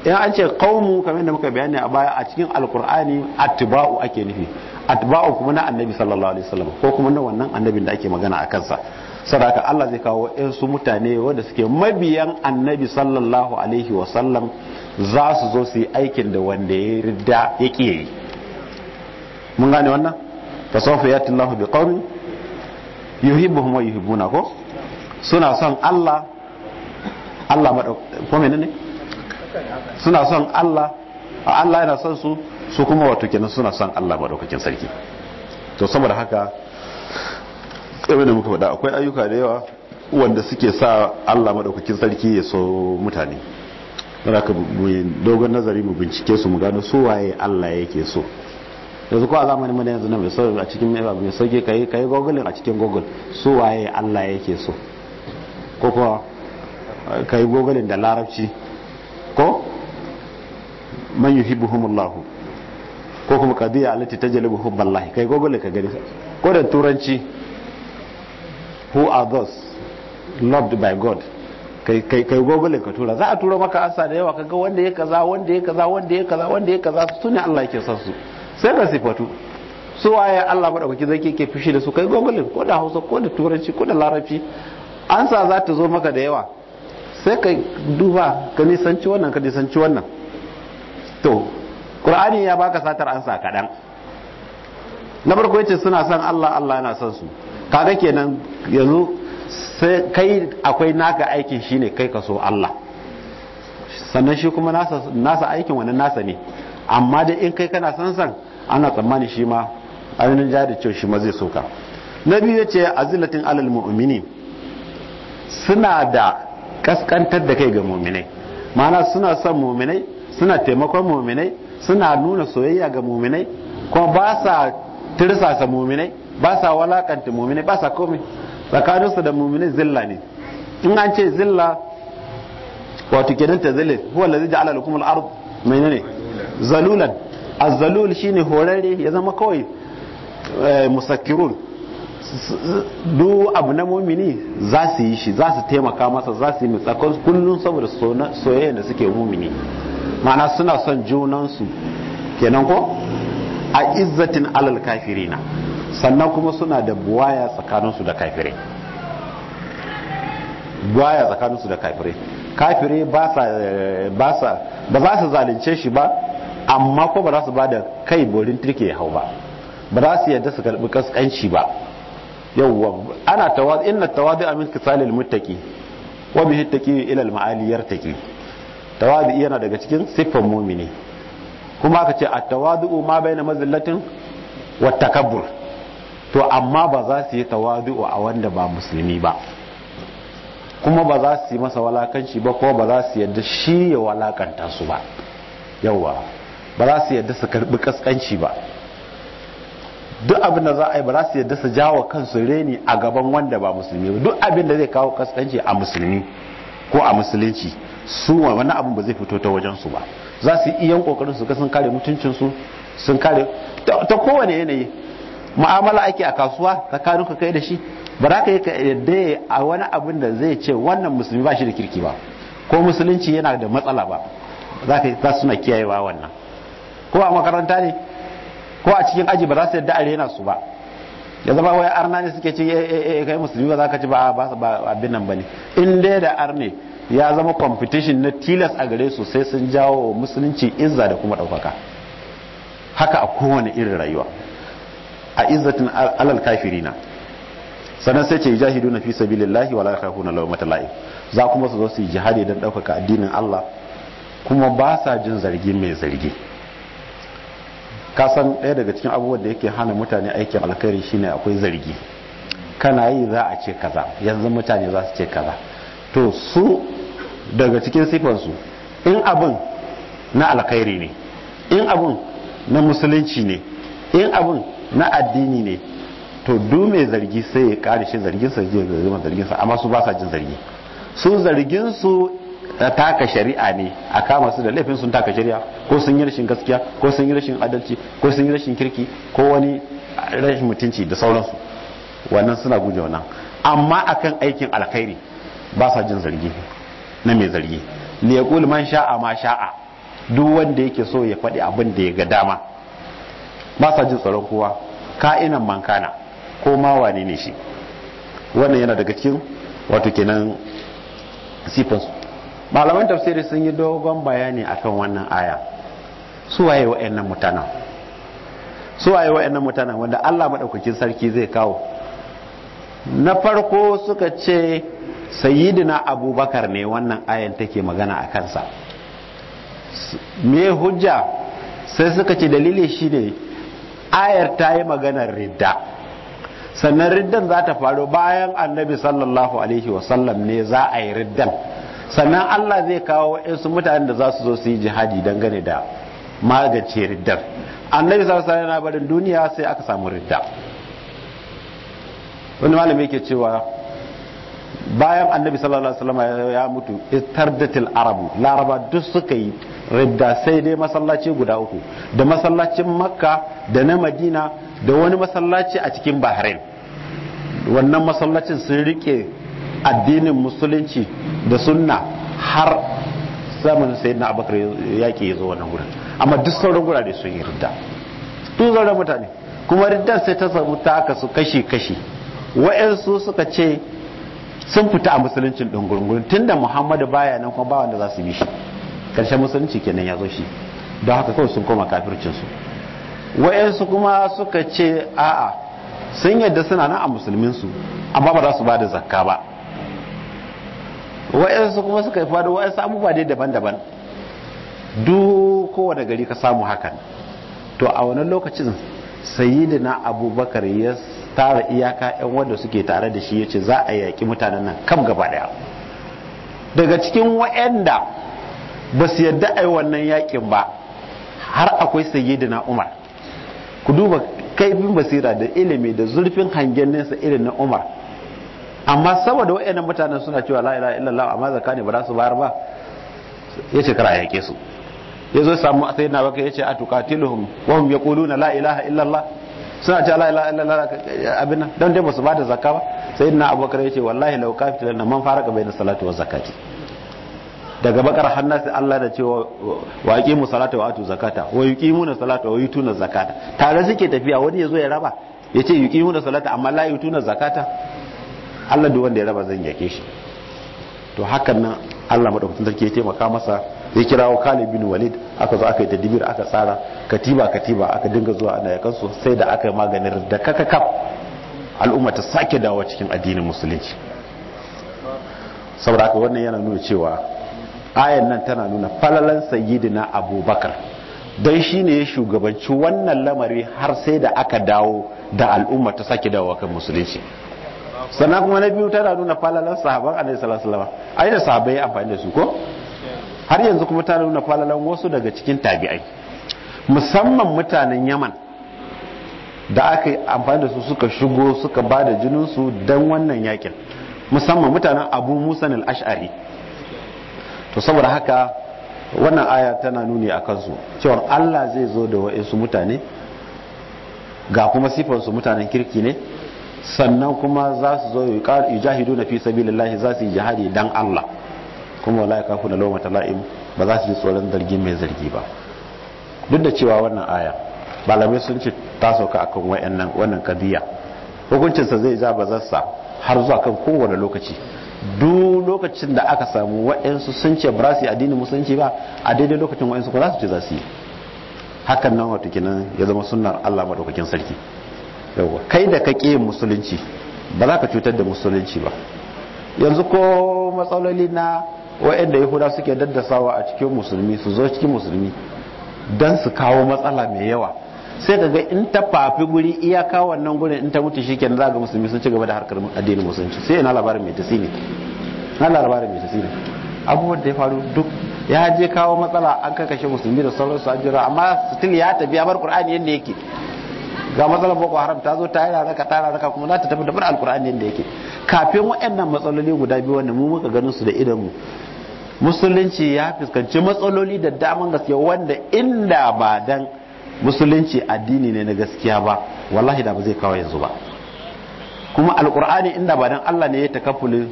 in an ce qaumu kamar da muka bayani a baya a cikin alqur'ani atba'u ake nufi atba'u kuma na annabi sallallahu alaihi wasallam ko kuma na wannan annabin da ake magana a kansa sadaka Allah zai kawo su mutane wanda suke mabiyan annabi sallallahu alaihi wasallam za su zo su yi aikin da wanda ya rida ya yi mun gane wannan fa sawfa yati Allahu bi qaumin yuhibbuhum wa yuhibbuna ko suna son Allah Allah ko menene suna son Allah a Allah yana son su su kuma wato kenan suna son Allah madaukakin sarki to saboda haka abin da muka faɗa akwai ayyuka da yawa wanda suke sa Allah madaukakin sarki ya so mutane raka ka dogon nazari mu bincike su mu gano su waye Allah yake so yanzu ko a zamanin mana yanzu na mai so a cikin mai sauki kai kai google a cikin google su waye Allah yake so ko ko kai google da larabci ko man yuhibbuhumullahu ko kuma qadiya allati tajlibu hubballahi kai google ka gani ko da turanci who are those loved by god kai kai ka tura za a tura maka ansa da yawa kaga wanda ya kaza wanda ya kaza wanda ya kaza wanda ya kaza su ne Allah yake son su sai ka sifatu su waye Allah madaukaki zai ke fushi da su kai gogole ko da Hausa ko da Turanci ko da Larabci ansa za ta zo maka da yawa sai ka duba ka nisanci wannan ka nisanci wannan to Qur'ani ya baka satar ansa kaɗan na farko yace suna son Allah Allah yana son su kaga kenan yanzu kai akwai naka aikin shine kai kaso Allah sannan shi kuma nasa aikin wani nasa ne amma dai in kai kana san san ana tsammani shi ma ainihin jari cewa shi ma zai soka na biyu yace azilatin alal mu'mini suna da kaskantar da kai ga mu'minai mana suna son mu'minai suna taimakon mu'minai suna nuna soyayya ga mu'minai kuma ba sa tirsasa mu'minai ba sa walakanta mumini ba sa komai tsakaninsu da mumini zilla ne in an ce zilla wato kenan ta zille huwa lazi ja'ala lakum al-ard menene zalulan az-zalul shine horare ya zama kawai eh, musakkirun du abu na mumini za su yi shi za su taimaka masa za su yi mutsakon kullum saboda soyayya da suke mumini ma'ana suna son junansu kenan ko a izzatin alal kafirina sannan kuma suna da buwaya tsakaninsu da kafire, buwaya tsakaninsu da kafire kafire ba za su zalunce shi ba amma ko ba za su ba da kai borin turke ya hau ba ba za su yadda su karbi kaskanci ba yawwa ana tawadi inna a amin kisalil mutaki, wa bihi taqi ila al ma'ali yana daga cikin siffan mu'mini kuma aka ce at-tawadu ma baina mazillatin wa takabbur to amma ba za su yi tawadu'u a wanda ba musulmi ba kuma ba za su yi masa walakanci ba kuma ba za su yadda shi ya walakanta su ba yauwa ba za su yadda su karbi kaskanci ba duk abin da za a yi ba za su yadda su jawo kansu reni a gaban wanda ba musulmi ba duk abin da zai kawo kaskanci a musulmi ko a musulunci su wani abin ba zai fito ta wajensu ba za su yi iyan kokarin su ga sun kare mutuncinsu sun kare ta kowane yanayi mu'amala ake a kasuwa tsakaninka kai da shi ba za ka yi yadda a wani abin da zai ce wannan musulmi ba shi da kirki ba ko musulunci yana da matsala ba za ka za suna kiyayewa wannan ko a makaranta ne ko a cikin aji ba za su yadda a rena su ba ya zama wai arna ne suke ce eh, eh, eh kai musulmi ba za ka ci ba ba abin nan bane in dai da arne ya zama competition na tilas a gare su sai sun jawo musulunci izza da kuma ɗaukaka haka a kowane irin rayuwa a izzatin alal kafirina sannan sai ce na fi sabilillahi wala yakhafuna lawmata matalai za kuma su zo su yi jihadi don ɗaukaka addinin Allah kuma ba sa jin zargi mai zargi Ka san ɗaya daga cikin abubuwan da yake hana mutane aikin alkhairi shine akwai zargi kana yi za a ce kaza yanzu mutane za su ce kaza to su daga cikin sifansu in abin na alkhairi ne in abin na musulunci ne in abun na addini ne to du mai zargi sai ya kare shi zargin sa je ga zama zargin sa amma su ba sa jin zargi su zargin su taka shari'a ne a kama su da laifin sun taka shari'a ko sun yi rashin gaskiya ko sun yi rashin adalci ko sun yi rashin kirki ko wani rashin mutunci da sauransu wannan suna guje wannan amma akan aikin alkhairi ba sa jin zargi na mai zargi liyaqul man sha'a ma sha'a duk wanda yake so ya faɗi abin da ya ga dama ba sa jin tsoron kowa ka'inan mankana ko ma wane ne shi wannan yana daga cikin wato kenan sifan su malaman tafsiri sun yi dogon bayani akan wannan aya su waye wa'annan mutana su waye wa'annan mutanen wanda Allah madaukakin sarki zai kawo na farko suka ce sayyidina abubakar ne wannan ayan take magana a kansa me hujja sai suka ce dalili shine ayar ta yi maganar ridda sannan riddan za ta faru bayan annabi sallallahu alaihi wasallam ne za a yi riddan sannan allah zai kawo waɗansu mutanen da za su zo su yi jihadi dangane da magance riddan annabi sallallahu alaihi wasallam barin duniya sai aka samu ridda wani malami ke cewa bayan annabi sallallahu alaihi wasallam ya mutu tardatil arabu laraba duk suka yi ridda sai dai masallaci guda uku da masallacin makka da na madina da wani masallaci a cikin bahrain wannan masallacin sun rike addinin musulunci da sunna har zaman sai na abakar yaƙi ya zo wannan gurin amma duk sauran gurare sun yi ridda duk sauran mutane kuma riddar sai ta samu ta aka su kashi kashi wa'yansu suka ce sun fita a musuluncin tun da muhammadu baya nan kuma ba wanda za su bi shi karshen musulunci kenan ya zo shi don haka kawai sun koma kafircinsu wa'yansu kuma suka ce a'a sun yadda suna nan a musulminsu amma ba za su ba da zakka ba wa'yansu kuma suka yi faɗo wa'yansu abubuwa dai daban-daban duk kowane gari ka samu hakan to a wani lokacin na abubakar ya tara iyaka yan wanda suke tare da shi ce za a yaki mutanen nan kam gaba daya daga cikin wa'anda ba su yadda yi wannan yakin ba har akwai sayyidina Umar ku duba kaifin basira da ilimi da zurfin hangen nesa irin na Umar amma saboda wa'annan mutanen suna cewa la ilaha illallah amma ne ba za su bayar ba yace kar a yake su ya zo samu sai na ya ce a tukatiluhum wa ya ƙulu na la'ilaha illallah suna ta la ilaha illallah abin nan don dai ba su bada zakka ba sai na abubakar ya ce wallahi lau kafi lana man faraka bayna salatu wa zakati daga bakar hannas Allah da cewa wa aqimu salata wa atu zakata wa yuqimuna salata wa yutuna zakata tare suke tafiya wani yazo ya raba yace yuqimuna salata amma la yutuna zakata Allah duk wanda ya raba zan yake shi to hakan nan Allah madaukakin sarki ya taimaka masa ya kirawo Khalid bin Walid aka zo aka yi tadbir aka tsara katiba katiba aka dinga zuwa ana ya kansu sai da aka yi maganin da kaka kaf al'umma ta sake dawo cikin addinin musulunci saboda haka wannan yana nuna cewa ayan nan tana nuna falalan na Abubakar don shi ne ya shugabanci wannan lamari har sai da aka dawo da al'umma ta sake dawo kan musulunci sannan kuma na biyu tana nuna falalan sahabar annabi sallallahu alaihi wasallam ai da sahabbai amfani da su ko har yanzu kuma ta nuna falalan wasu daga cikin tabi'ai musamman mutanen yaman da aka yi amfani da su suka shigo suka ba da jininsu don wannan yakin musamman mutanen abu musan al'ash'ari to saboda haka wannan aya tana nuni a kansu cewar allah zai zo da wa'insu mutane ga kuma sifarsu mutanen kirki ne sannan kuma za su zo yi jahidu na fi lallahi za su yi jihadi dan allah kuma wala yakafu na lawmata la'im ba za su yi tsoron zargi mai zargi ba duk da cewa wannan aya malamai sun ce ta sauka akan wayannan wannan kadiya hukuncinsa zai za ba bazarsa har zuwa kan kowane lokaci duk lokacin da aka samu wayansu sun ce ba su yi addinin musulunci ba a daidai lokacin wayansu ko za su ce za su yi hakan nan wato kenan ya zama sunnar Allah madaukakin sarki yawa kai da ka ƙi musulunci ba za ka cutar da musulunci ba yanzu ko matsaloli na wa'anda yahuda suke daddasawa a cikin musulmi su zo cikin musulmi don su kawo matsala mai yawa sai ka ga in ta fafi guri iyaka wannan gurin in ta mutu shikenan za ga musulmi sun ci gaba da harkar addinin musulunci sai na labarin mai tasiri na labarin mai tasiri abubuwan da ya faru duk ya je kawo matsala an kakashe musulmi da sauransu an jira amma still ya tafi ya bar qur'ani yadda yake ga matsalar boko haram ta zo ta yi raraka ta raraka kuma za ta tafi dabar alkur'ani yadda yake kafin waɗannan matsaloli guda biyu wanda mu muka ganin su da idanmu musulunci ya fuskanci matsaloli da daman gaske wanda inda ba dan musulunci addini ne na gaskiya ba wallahi da ba zai kawo yanzu ba kuma alkur'ani inda ba dan Allah ne ya takaffulin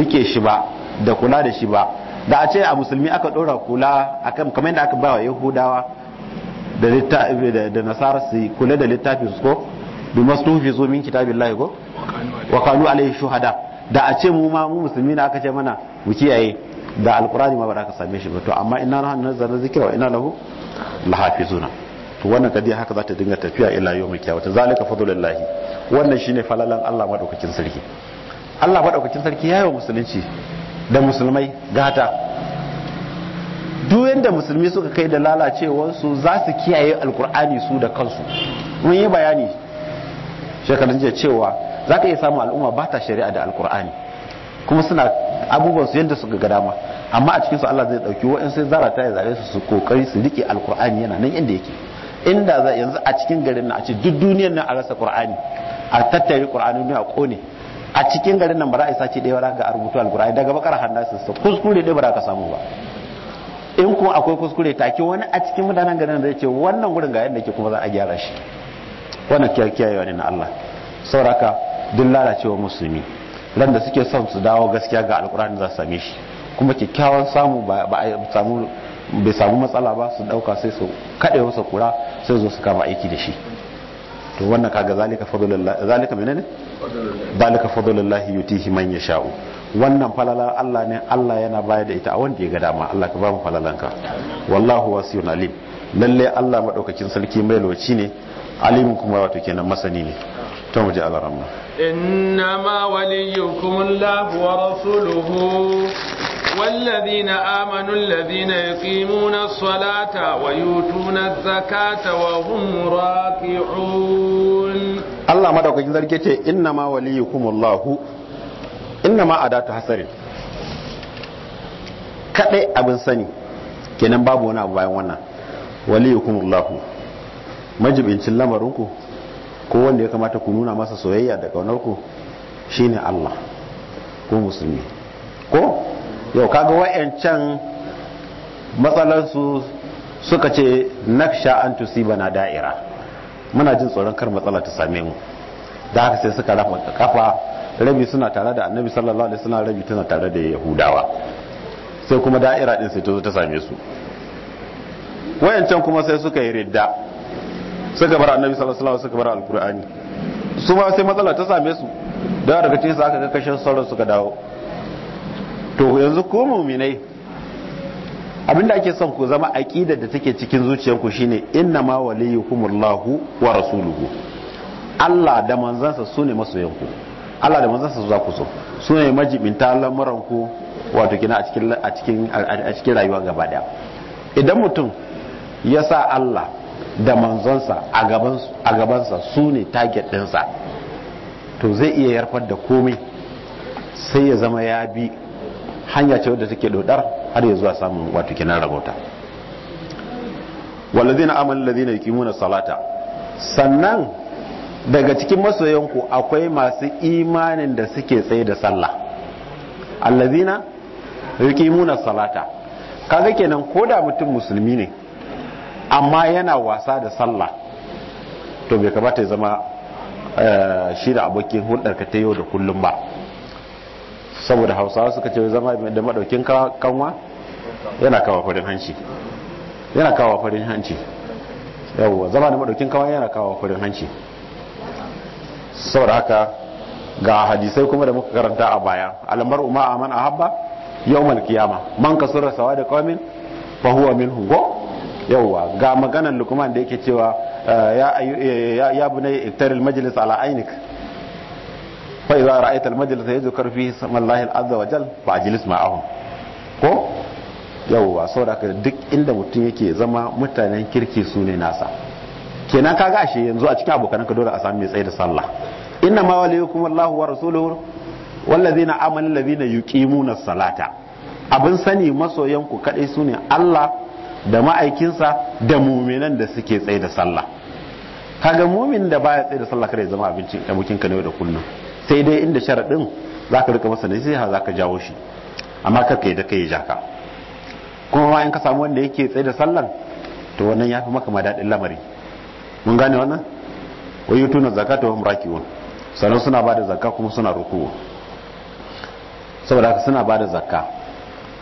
rike shi ba da kula da shi ba da a ce a musulmi aka dora kula akan kamar yadda aka bawa yahudawa da nasara su kula da littafi su ko bi mastufi zo min kitabillahi ko wa kanu Alayhi shuhada da a ce mu ma mu musulmi na aka ce mana mu kiyaye da alqur'ani ma ba ka same shi ba to amma inna lahu nazara zikra wa inna lahu lahafizuna to wannan kadi haka za ta dinga tafiya ila yawmil qiyamah ta zalika fadlullahi wannan shine falalan Allah madaukakin sarki Allah madaukakin sarki ya yi musulunci da musulmai gata duk yadda musulmi suka kai da lalacewarsu za su kiyaye alkur'ani su da kansu mun yi bayani shekarun jiya cewa za ka iya samu al'umma ba ta shari'a da alkur'ani kuma suna abubuwan su yadda suka ga dama amma a cikinsu Allah zai ɗauki wa'in sai zara ta yi zare su su kokari su rike alkur'ani yana nan inda yake inda za yanzu a cikin garin na a ce duk duniyar nan a rasa qur'ani a tattare qur'ani ne a kone a cikin garin nan ba za a isa ce ɗaya ba ga a rubutu alkur'ani daga bakar hannasinsa kuskure ɗaya ba za ka samu ba in kuma akwai kuskure take wani a cikin mutanen garin da ce wannan gurin ga yadda ke kuma za a gyara shi wannan kiyayewa ne na Allah sauraka duk lalacewa musulmi ran da suke son su dawo gaskiya ga alkur'ani za su same shi kuma kyakkyawan samu ba a samu bai samu matsala ba su dauka sai su kaɗe masa kura sai zo su kama aiki da shi to wannan yutihi man yasha'u wannan falalar Allah ne Allah yana bayar da ita a wanda ya ga dama Allah ka ba mu falalanka wallahu wasiyun alim lalle Allah madaukakin sarki mai loci ne alimin kuma wato kenan masani ne to mu ji Inna ma waliyukum Allah wa rasuluhu والذين آمنوا الذين يقيمون الصلاة ويؤتون الزكاة وهم راكعون الله مدوكين ذلك إنما وليكم الله inna ma adatu hasari kadai abin sani kenan babu wani abu bayan wannan waliyukumullahu majibincin lamarinku ko wanda ya kamata ku nuna masa soyayya da ku shine Allah ko musulmi ko yau kaga wayancan matsalarsu suka ce naksha an na da'ira muna jin tsoron kar matsala ta same mu da haka sai suka rafa kafa rabi suna tare da annabi sallallahu alaihi wasallam rabi tana tare da yahudawa sai kuma da'ira din sai ta zo ta same su wayancan kuma sai suka yi ridda suka bar annabi sallallahu alaihi wasallam suka bar alqur'ani su ma sai matsala ta same su da daga cikin su aka ga kashin sauran suka dawo to yanzu ko mu'minai abinda ake son ku zama aqidar da take cikin zuciyarku shine inna ma waliyukumullahu wa rasuluhu Allah da manzansa sune masoyanku Allah da manzansa za ku so su ne majibinta lamuran ku wato kina a cikin a cikin rayuwa gaba daya idan mutum ya sa Allah da manzonsa a gabansa su ne target ɗinsa to zai iya yarfar da komai sai ya zama ya bi hanya ce wadda take dodar har ya zuwa samun wato kinan rabota wallazina amanu allazina yuqimuna salata sannan daga cikin masoyanku akwai masu imanin da suke tsaye da sallah allazina yuqimuna salata kaga kenan da mutum musulmi ne amma yana wasa da sallah to bai kamata ya zama eh, shi da abokin hulɗar ka ta yau da kullum ba saboda hausawa suka ce zama da madaukin kanwa yana kawo farin hanci yana kawo farin hanci yawwa zama da madaukin kanwa yana kawo farin hanci saboda haka ga hadisai kuma da muka karanta a baya alamar umma a man ahabba yawmal man kasura sawa da kwamin fa huwa minhu go ga maganar lukman da yake cewa eh, ya ya ya bunay iktaril majlis ala ainik fa idza ra'aita al majlis yadhkar fihi samallahi al azza wa jal fa ajlis ma'ahum ko yawa saboda haka duk inda mutum yake zama mutanen kirki su ne nasa kenan kaga ashe yanzu a cikin abokan ka dole a sami mai tsaye da sallah inna ma walaykum Allahu wa rasuluhu wallazina amanu allazina yuqimuna salata abin sani masoyan ku kadai sune Allah da ma'aikinsa da muminan da suke tsaye da sallah kaga mumin da baya tsaye da sallah kare zama abincin abokin ka ne da kullun sai dai inda sharadin zaka rika masa nasiha zaka jawo shi amma kar kai da kai jaka kuma ma in ka samu wanda yake tsaye da sallan to wannan yafi maka ma daɗin lamari mun gane wannan wa yutuna zakatu wa murakiwun raki'un sannan suna bada zakka kuma suna ruku'u saboda haka suna bada zakka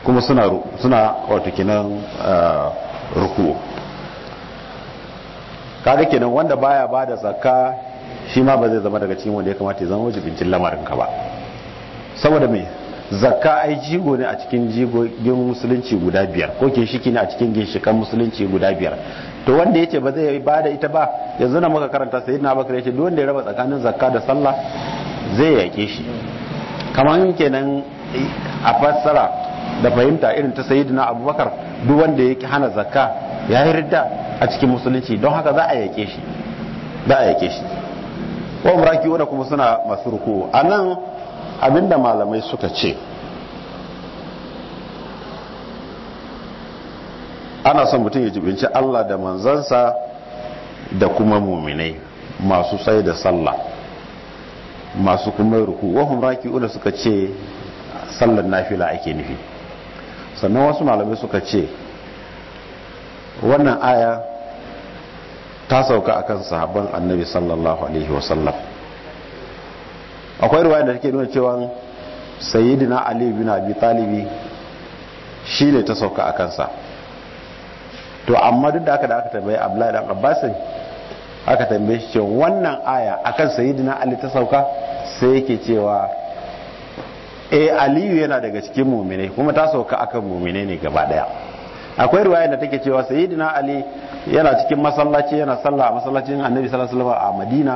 kuma suna suna wato kenan uh, ruku'u kaga kenan wanda baya bada zakka shi ma ba zai zama daga cikin wanda ya kamata ya zama wajibincin lamarin ka ba saboda me zakka ai jigo ne a cikin jigogin musulunci guda biyar ko ke shiki ne a cikin ginshikan musulunci guda biyar to wanda yace ba zai ba da ita ba yanzu na muka karanta na abubakar yace duk wanda ya raba tsakanin zakka da sallah zai yake shi kamar kenan a fassara da fahimta irin ta sayyidina abubakar duk wanda yake hana zakka ya yi ridda a cikin musulunci don haka za a yake shi za a yake shi wa umraki wanda kuma suna masu ruku anan abinda malamai suka ce ana son mutum ya jibinci Allah da manzansa da kuma muminai masu sai da sallah masu kuma ruku raki raki'una suka ce sallar nafila ake nufi sannan wasu malamai suka ce wannan aya ta sauka akan sahabban annabi sallallahu alaihi wasallam akwai ruwaya da take nuna cewa sayyidina ali bin abi talibi ne ta sauka a kansa to amma duk da aka da aka tambaye abdullahi dan abbas aka tambaye shi wannan aya akan sayyidina ali ta sauka sai yake cewa eh aliyu yana daga cikin mu'mine kuma ta sauka akan mu'mine ne gaba daya akwai riwaya da take cewa sayyidina ali yana cikin masallaci yana sallah a masallacin annabi sallallahu alaihi wasallam a madina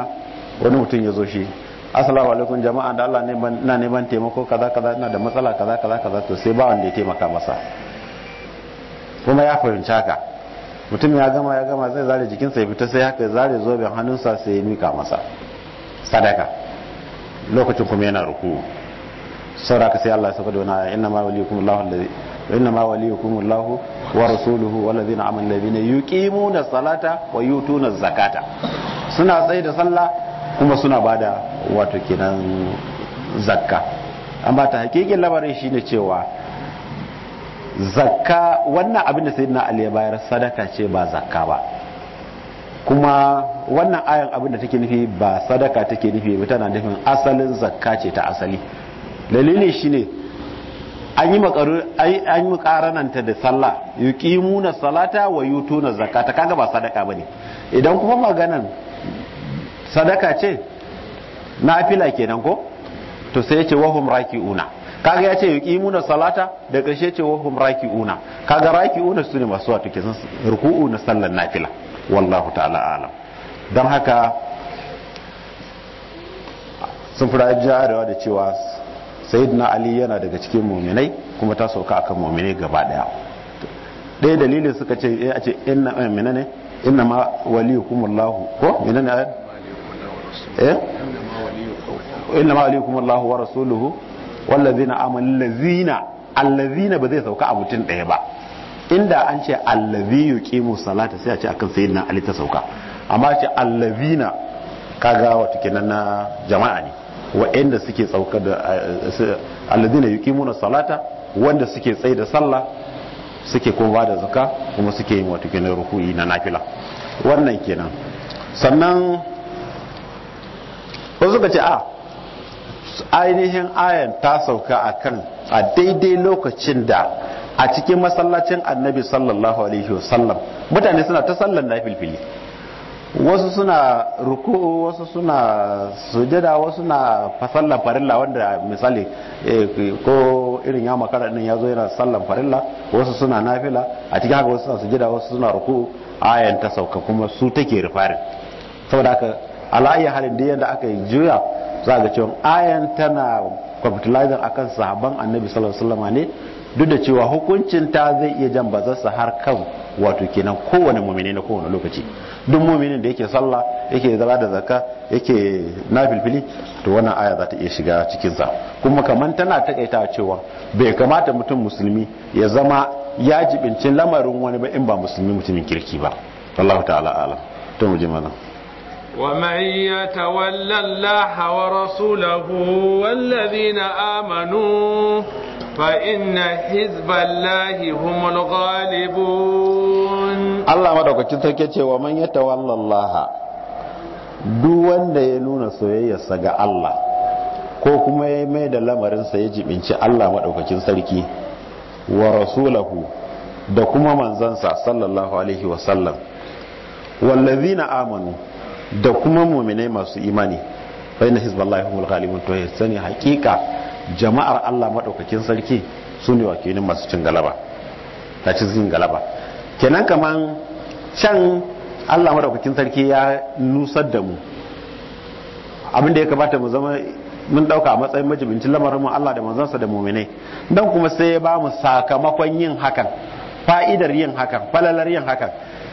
wani mutum ya zo shi assalamu alaikum jama'a da Allah ne na neman taimako kaza kaza ina da matsala kaza kaza kaza to sai ba wanda ya taimaka masa kuma ya fahimci haka mutum ya gama ya gama zai zare jikinsa ya fita sai haka zare zoben hannunsa sai ya mika masa sadaka lokacin kuma yana ruku sauraka sai Allah ya saba da wani inna ma waliyukum Allahu allazi wa inna ma waliyukum Allahu wa rasuluhu wal ladina yi kimu yuqimuna salata wa yutuna zakata suna tsaye da sallah kuma suna bada wato kenan zakka amma ta hakikin labarin ne cewa zakka wannan abin da sayyidina ali ya bayar sadaka ce ba zakka ba kuma wannan ayan abin da take nufi ba sadaka take nufi ba tana nufin asalin zakka ce ta asali dalili shine an yi makaru an yi mukarananta da sallah yuqimuna salata wa yutuna zakata kaga ba sadaka bane idan kuma maganan sadaka ce nafila kenan ko to sai ya ce wahum raki'una kaga ya ce yuqimuna salata da karshe ce wa hum raki'una kaga raki'una sune masu wato ke san ruku'u na sallar nafila wallahu ta'ala alam dan haka sun fara jarewa da cewa sayyidina ali yana daga cikin mu'minai kuma ta sauka akan mu'minai gaba daya ɗaya dalilin suka ce eh, a ce inna amina eh, ne inna ma waliyukumullahu ko inna ne eh inna ma waliyukumullahu wa rasuluhu wallazina amanu lazina allazina ba zai sauka a mutum ɗaya ba inda an ce allazi yuqimu salata sai a ce akan sayyidina ali ta sauka amma ce allazina kaga wato kenan na jama'a ne wa'anda suke tsauka da allazina yuqimuna salata wanda suke tsaye da sallah suke kuma da zakka kuma suke yin wato kenan ruku'i na nafila wannan kenan sannan wasu ka ce a ah, ainihin ayan ta sauka akan a daidai lokacin da a cikin masallacin annabi sallallahu alaihi wasallam mutane suna ta sallan na filfili wasu suna ruku wasu suna sujada wasu na sallan farilla wanda misali eh, ko irin ya makara din ya zo yana sallan farilla wasu suna nafila a cikin haka wasu suna sujada wasu suna ruku ayan ta sauka kuma su take rufarin saboda haka Ala'ayya halin da yadda aka yi juya za ga cewa ayan tana a akan sahaban annabi sallallahu ne duk da cewa hukuncin ta zai iya jan bazarsa har kan wato kenan kowane mumini na kowane lokaci duk muminin da yake sallah yake zala da zakka yake filfili to wannan aya za ta iya shiga cikin sa kuma kamar tana takaita cewa bai kamata mutum musulmi ya zama ya jibincin lamarin wani ba in ba musulmi mutumin kirki ba Allah ومن يتول الله ورسوله والذين آمنوا فإن حزب الله هم الغالبون الله مدعوك تنتكيتش ومن يتول الله دوان ديلون ya nuna الله ko kuma ya mai da lamarin sa ya jibinci Allah maɗaukakin sarki wa rasulahu da kuma manzansa sallallahu alaihi wasallam wallazina amanu da kuma mu'minai masu imani fa inna hizballahi humul to sani hakika jama'ar Allah maɗaukakin sarki su ne wakilin masu cin galaba ta ci cin galaba kenan kaman can Allah maɗaukakin sarki ya nusar da mu abinda ya kamata mu zama mun ɗauka a matsayin majibincin lamarin mu Allah da manzansa da mu'minai dan kuma sai ya ba mu sakamakon yin hakan fa'idar yin hakan falalar yin hakan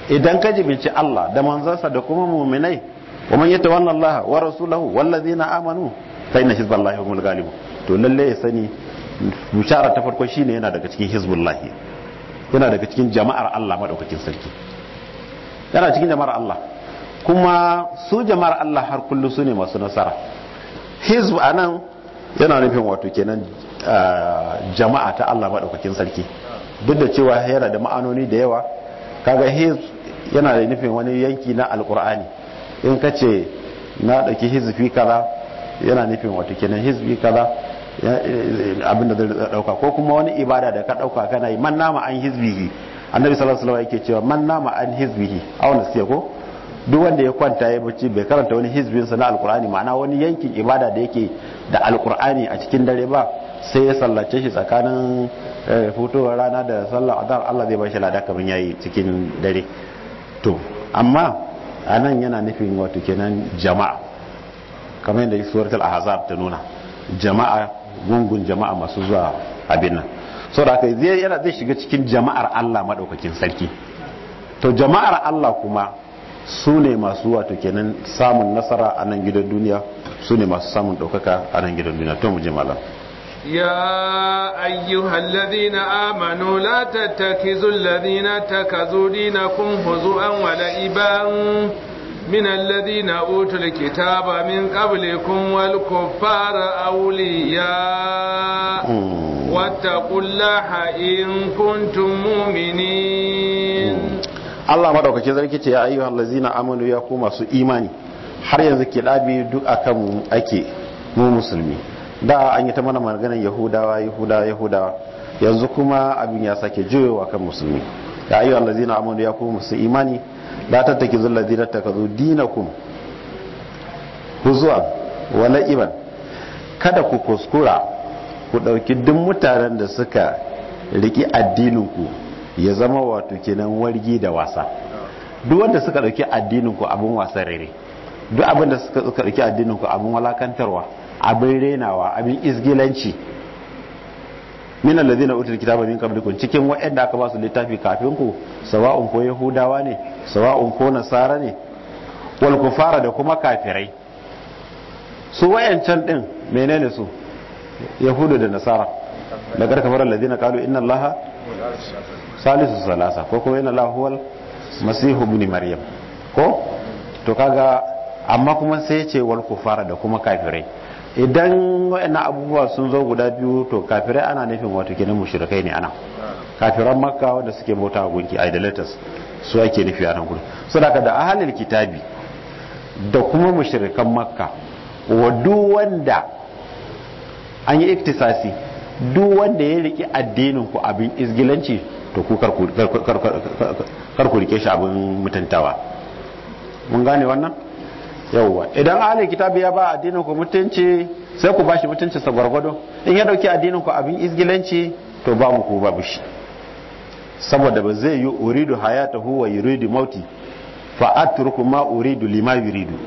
idan ka jibinci Allah da manzansa da kuma muminai wa man yatawalla Allah wa rasulahu wal ladzina amanu fa inna hizballahi humul ghalibun to lalle ya sani bishara ta farko shine yana daga cikin hizbullahi yana daga cikin jama'ar Allah madaukakin sarki yana cikin jama'ar Allah kuma su jama'ar Allah har kullu su ne masu nasara hizb anan yana nufin wato kenan jama'a ta Allah madaukakin sarki duk da cewa yana da ma'anoni da yawa kaga hizb yana da nufin wani yanki na alkur'ani in ka ce na ɗauki hizbi kaza yana nufin wata kenan hizbi kaza eh, abinda zai ɗauka ko kuma wani ibada da ka ɗauka kana yi man nama an hizbihi annabi sallallahu alaihi wasallam yake cewa man nama an hizbihi aw nasiya ko duk wanda ya kwanta ya bacci bai karanta wani hizbin sa na alkur'ani ma'ana wani yankin ibada da yake da alkur'ani a cikin dare ba sai ya sallace shi tsakanin eh, fitowar rana da sallar adar Allah zai bashi shi lada kamar yayi cikin dare to amma a nan yana nufin wato kenan jama'a kamar yadda suratul ahzab ta nuna jama'a gungun jama'a masu zuwa abin nan saboda haka zai yana zai shiga cikin jama'ar Allah madaukakin sarki to jama'ar Allah kuma su ne masu wato kenan samun nasara a nan gidan duniya su ne masu samun ɗaukaka a nan gidan duniya to mu je يا أيها الذين آمنوا لا تتكزوا الذين اتكزوا دينكم هزوا ولئبا من الذين أوتوا الكتاب من قبلكم والكفار أولياء واتقوا الله إن كنتم مؤمنين Allah madaukake zarki ce ya ayyuhal lazina amanu ya ku imani har yanzu kidabi duk akan mu ake mu musulmi da an yi ta mana maganar yahudawa yahudawa yahudawa yanzu kuma abin ya sake juyowa kan musulmi ya ayyu allazina Amadu ya kuma musu imani ta la ka zo dina kun. huzwa wa iman kada ku kuskura ku ɗauki duk mutanen da suka riƙi addininku ya zama wato kenan wargi da wasa duk wanda suka dauki addininku abin wasan rere duk abin da suka dauki addininku abin walakantarwa abin renawa abin izgilanci min allazina utar kitaba min kablikun cikin waɗanda aka ba su littafi kafin ku sawa'un ko yahudawa ne sawa'un ko nasara ne wal kufara da kuma kafirai su wayancan din menene su yahudu da nasara da karkafar allazina kalu inna allaha salisu salasa ko kuma inna allaha huwal masihu ibn maryam ko to kaga amma kuma sai ce wal kufara da kuma kafirai idan waɗannan abubuwa sun zo guda biyu to kafirai ana nufin wato kenan mushrikai ne ana kafiran makka wanda suke bauta gunki idolaters su ake nufi a nan gudu sadaka da ahalil kitabi da kuma mushrikan makka wa duk an yi iktisasi duk wanda ya riki addinin ku abin izgilanci to ku kar rike shi abin mutuntawa mun gane wannan yawwa idan ahli kitabi ya ba addinin ku mutunci sai ku bashi mutunci sa gwargwado in ya dauki addinin ku abin izgilanci to ba mu ku ba shi saboda ba zai yi uridu hayatahu wa yuridu mauti fa atruku ma uridu lima yuridu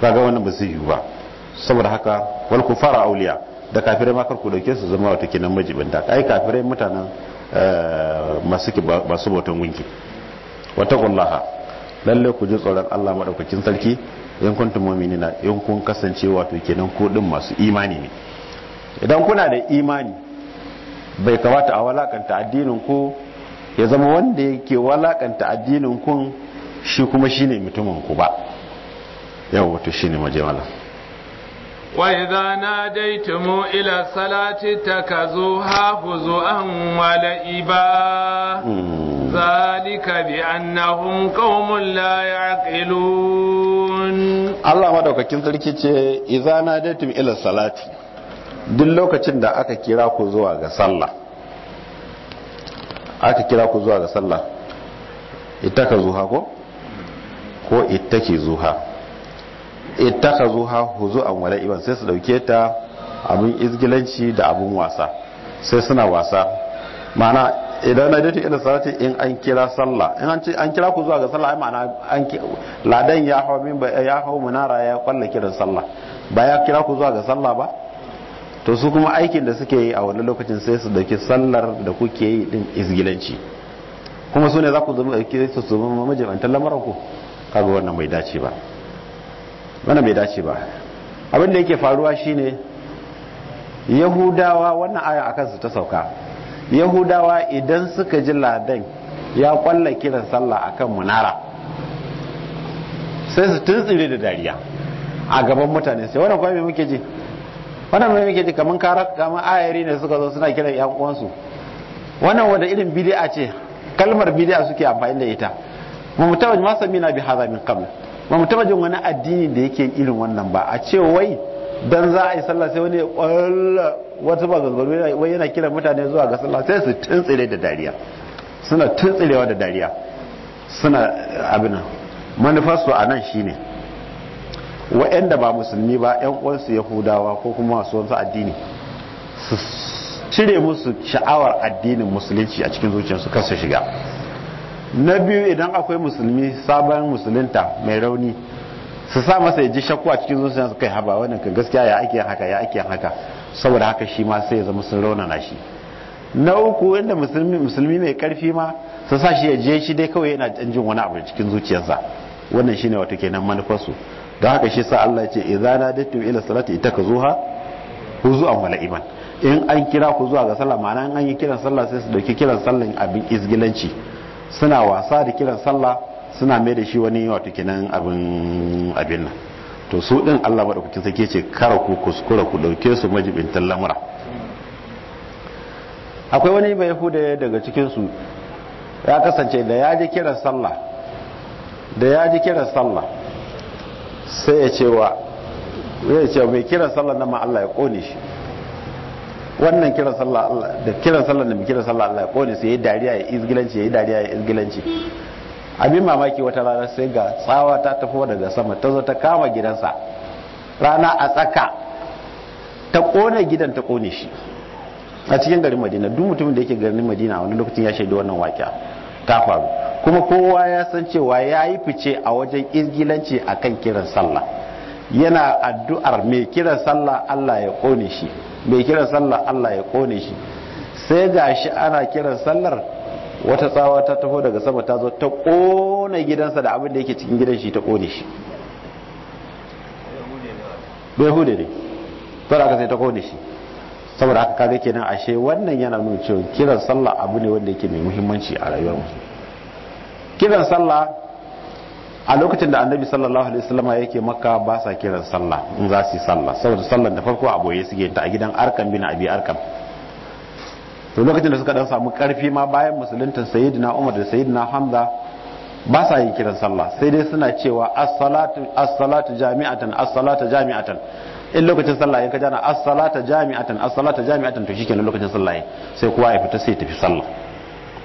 kaga wannan ba zai yi ba saboda haka wal kufara auliya da kafirai ma ku dauke su zama wata kinan da ai kafirai mutanen eh, masu masu bautan gunki wa taqullaha lalle ku ji tsoron Allah madaukakin sarki in kuntum mu'minina in kun kasance wato kenan ku din masu imani ne idan kuna da imani bai kamata a walakanta addinin ku ya zama wanda yake walakanta addinin ku shi kuma shine mutumin ku ba yau wato shine majamala وإذا ناديتم إلى الصلاة تكزوا حافظوا ولئبا zalika bi annahum qaumun la yaqilun Allah madaukakin sarki ce idza nadatum ila salati duk lokacin da aka kira ku zuwa ga sallah aka kira ku zuwa ga sallah ittaka zuha ko ko ittaki zuha ittaka zuha huzu'an wala iban sai su dauke ta abin izgilanci da abin wasa sai suna wasa ma'ana idan na dai ina salati in an kira sallah in an ce an kira ku zuwa ga sallah ai ma'ana an ladan ya hawo min ya hawo munara ya kwalla kiran sallah ba ya kira ku zuwa ga sallah ba to su kuma aikin da suke yi a wannan lokacin sai su dauki sallar da kuke yi din izgilanci kuma su ne za ku zama ake su zama majibantar lamarin ku kaga wannan bai dace ba wannan bai dace ba abin da yake faruwa shine yahudawa wannan aya akan su ta sauka yahudawa idan suka ji ladan ya kwalla kiran sallah akan munara sai su tuntsire da dariya a gaban mutane sai wannan kwami muke ji wannan mai muke ji kamar kara kamar ayari ne suka zo suna kiran yan uwansu wannan wanda irin bid'a ce kalmar bid'a suke amfani da ita mu mutabaj ma na bi hadha min qabl mu mutabajin wani addini da yake irin wannan ba a ce wai dan za a yi sallah sai wani ya kwalla wata maganganu wai yana kiran mutane zuwa ga sallah sai su tuntsire da dariya suna tuntsirewa da dariya suna eh, abin manufarsu a nan shine wa'anda ba musulmi ba yan uwansu yahudawa ko kuma masu wasu addini su cire musu sha'awar addinin musulunci a cikin zuciyarsu kan su shiga na biyu idan akwai musulmi sabon musulunta mai rauni su sa masa ya ji shakku a cikin su kai haba wannan ka gaskiya ya ake haka ya ake haka saboda haka shi ma sai ya zama sun raunana shi na uku wanda musulmi mai karfi ma su sa shi ya je shi dai kawai yana jin wani abu cikin zuciyarsa wannan shine wato kenan manufarsu don haka shi sa Allah ya ce idza nadatu ila salati itakazuha huzu'an wala iman in an kira ku zuwa ga sallah ma'ana an yi kiran sallah sai su dauki kiran sallah abin izgilanci suna wasa da kiran sallah suna mai da shi wani wato kenan abin abin nan to su din Allah madaukakin sarki ce kara ku kuskura ku dauke su majibintan lamura akwai wani bai yahuda daga cikin su ya kasance da ya ji kiran sallah da ya ji kiran sallah sai ya ce wa ya ce mai kiran sallah na ma Allah ya kone shi wannan kiran sallah Allah da kiran sallah da mai kiran sallah Allah ya kone sai ya dariya ya izgilanci ya dariya ya izgilanci abin mamaki wata rana sai ga tsawa ta tafi daga sama ta zo ta kama gidansa rana a tsaka ta kone gidan ta kone shi a cikin garin madina duk mutumin da yake garin madina a wani lokacin ya shaidi wannan wakiya ta faru kuma kowa ya san cewa ya yi fice a wajen izgilanci a kan kiran sallah yana addu'ar mai kiran sallah allah ya kone shi mai kiran sallah allah ya kone shi sai ga shi ana kiran sallar wata tsawa ta taho daga sama ta zo ta kona gidansa da abin da yake cikin gidan shi ta kone shi bai hude ne tsara aka sai ta kone shi saboda aka kaga kenan ashe wannan yana nuna cewa kiran sallah abu ne wanda yake mai muhimmanci a rayuwar mu kiran sallah a lokacin da annabi sallallahu alaihi wasallam yake makka ba sa kiran sallah in za su yi sallah saboda sallar da farko a boye suke ta a gidan arkan bin abi arkan to lokacin da suka dan samu karfi ma bayan musulunta sayyidina Umar da sayyidina Hamza ba sa yin kiran sallah sai dai suna cewa as-salatu as-salatu jami'atan as-salatu jami'atan in lokacin sallah in ka jana as-salatu jami'atan as-salatu jami'atan to shikenan lokacin sallah sai kowa ya fita sai tafi sallah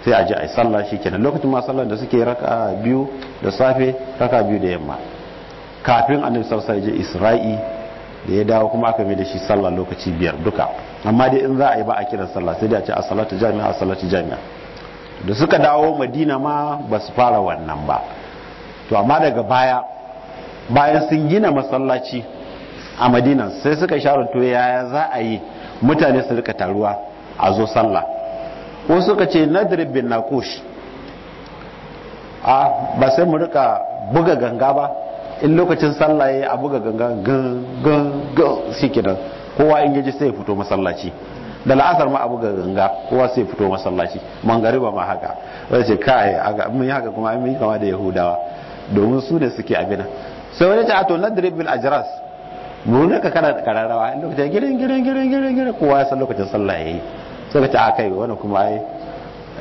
sai a ji ai sallah shikenan lokacin ma sallah da suke raka biyu da safe raka biyu da yamma kafin annabi sallallahu alaihi wasallam je Isra'i da ya dawo kuma aka mai da shi sallah lokaci biyar duka amma dai in za a yi ba a kiran sallah sai dai a ce a salatu jami'a a salatu jami'a da suka dawo madina ma ba su fara wannan ba to amma daga baya bayan sun gina masallaci a madina sai suka sharanto yaya za a yi mutane su rika taruwa a zo sallah ko suka ce nadrib bin nakush a ah, ba sai mu rika buga ganga ba in lokacin sallah a buga ganga gan gan gan shi kenan kowa in yaji sai ya fito masallaci da la'asar ma abu ga ganga kowa sai fito masallaci mangariba ma haka wai ce kai aga mun yi haka kuma mun yi kama da yahudawa domin su ne suke abin sai wani ce a to nadrib bil ajras mu ne ka kana kararawa in lokacin girin girin girin girin girin kowa ya san lokacin sallah yayi sai ka ce a kai wannan kuma ai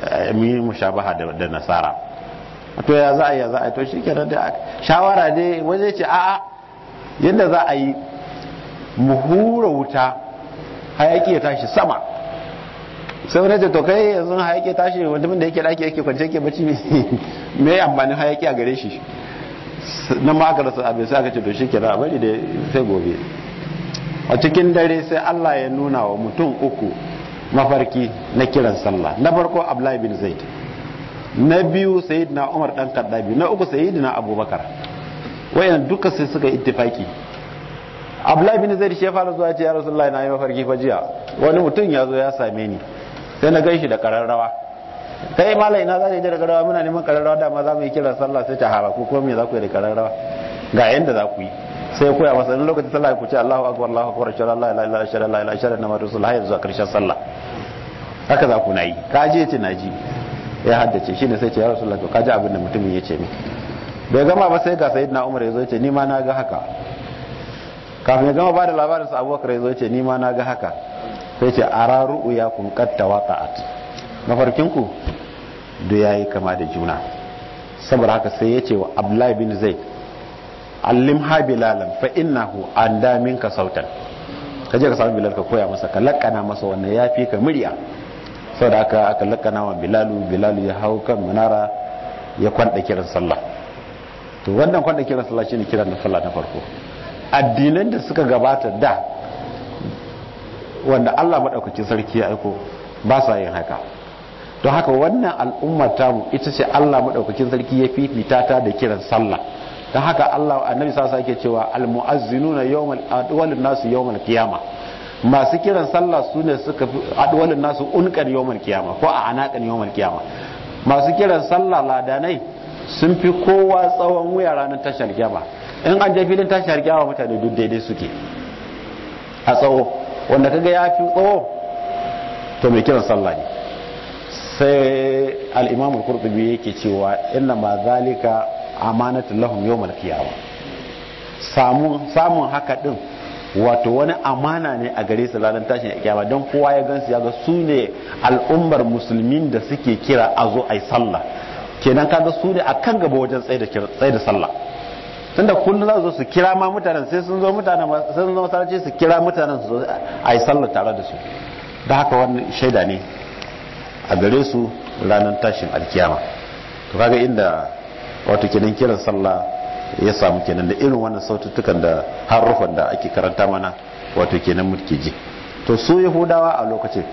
eh, mun yi mushabaha da nasara to ya za a yi ya za a yi to shikenan da shawara dai waje ce a'a yadda za a yi mu hura wuta hayaki ya tashi sama sai wani ce to kai yanzu hayaki ya tashi mutumin da yake daki yake kwance yake bacci [laughs] me amfanin hayaki a gare shi Na makar su abin sai aka ce to shi kira a bari da sai gobe a cikin dare sai Allah ya nuna wa mutum uku mafarki na kiran sallah na farko Abdullahi bin Zaid na biyu Sayyidina Umar dan Kaddabi na uku Sayyidina Abubakar wayan duka sai suka ittifaki abdullahi bin zaid shi ya fara zuwa ya ce ya rasulullahi na yi mafarki fa jiya wani mutum ya zo ya same ni sai na gan shi da kararrawa kai malai ina za ka yi da kararrawa muna neman kararrawa dama za mu yi kira sallah sai ta hara ko kuma me za ku yi da kararrawa ga yanda za ku yi sai koya masa in lokacin sallah ku ce Allahu akbar Allahu akbar shalla allah ilaha illa shalla la ilaha shalla muhammadu rasulullah zuwa karshen sallah haka za ku na yi ka je ce na ji ya haddace shi ne sai ce ya rasu to ka ji abin da mutumin ya ce mi bai gama ba sai ga sayyidina umar ya zo ya ce ni ma na ga haka kafin ya gama ba da labarin sa abubakar ya zo ce ni ma na ga haka sai ce raru'u ya kun katta waqa'at mafarkin ku da yi kama da juna saboda haka sai ya ce wa abla bin zaid allim ha bilalan fa an damin Ka sautan je ka samu bilal ka koya masa ka lakana masa wannan fi ka murya da aka aka lakana wa bilalu bilalu ya hau kan munara ya kwanda kiran sallah to wannan kwanda kiran sallah shine kiran na sallah na farko addinan da suka gabata da wanda Allah maɗaukacin sarki ya aiko ba sa yin haka don haka wannan al'ummar tamu ita ce Allah maɗaukacin sarki ya fifita ta da kiran sallah don haka Allah annabi sasa yake cewa almu'azzinuna yawmal adwalun nasu yawmal qiyama masu kiran sallah su ne suka fi adwalun nasu unqan yawmal qiyama ko a anaqan yawmal qiyama masu kiran sallah ladanai sun fi kowa tsawon wuya ranar tashar kiyama in an je filin tashi har kyawa mutane duk daidai suke a tsawo wanda kaga ya fi tsawo to mai kiran sallah ne sai al'imamul imam yake cewa inna ma zalika amanatul lahum yawm samun haka din wato wani amana ne a gare su tashin kyawa don kowa ya gansu ya ga su ne al'ummar musulmin da suke kira a zo a yi sallah kenan kaga su ne a kan gaba wajen tsaye da sallah tunda kullum za su zo su kira ma mutanen sai sun zo mutanen sun zo masarci su kira mutanen su zo a yi sallar tare da su da haka wannan shaida ne a gare su ranar tashin alkiyama to kaga inda wato kenan kiran sallah ya samu kenan da irin wannan sautukan da harufan da ake karanta mana wato kenan muke ji to su yahudawa a lokacin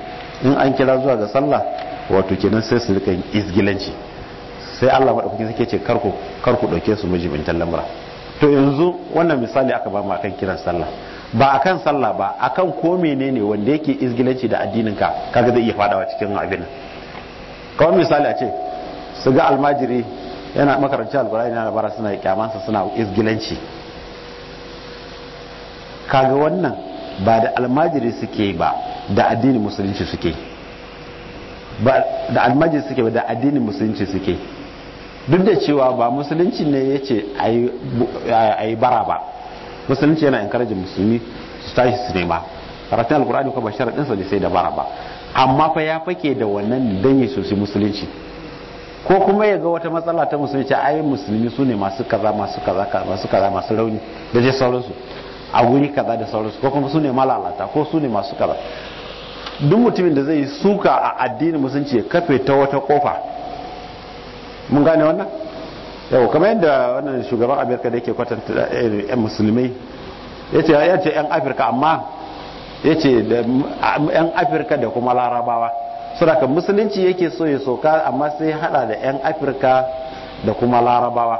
in an kira zuwa ga sallah wato kenan sai su rika izgilanci sai Allah madaukakin suke ce karku karku dauke su mijibin lamura to yanzu wannan misali aka ba mu akan kiran sallah ba akan sallah ba akan ko menene wanda yake izgilanci da addinin ka kaga zai iya fadawa cikin abin kawai misali a ce su ga almajiri yana makaranci alkurani na labara suna kyamansa suna izgilanci kaga wannan ba da almajiri suke ba da addinin musulunci suke ba da almajiri suke ba da addinin musulunci suke duk da cewa ba musulunci ne ya ce a yi bara ba musulunci yana inkarajin musulmi su tashi su nema karatun alkur'ani ko bashar din ne sai da bara ba amma fa ya fake da wannan dan yi sosai musulunci ko kuma ya ga wata matsala ta musulunci a yi musulmi su ne masu kaza masu kaza masu kaza masu rauni da je sauransu a guri kaza da sauransu ko kuma su ne malalata ko su ne masu kaza duk mutumin da zai suka a addinin musulunci ya kafe ta wata kofa mun gane wannan yau kamar yadda wannan shugaban amerika da yake kwatanta eh, yan musulmai ya ce ya ce yan afirka amma ya ce yan afirka da kuma larabawa kan musulunci yake so ya soka amma sai hada da yan afirka da kuma larabawa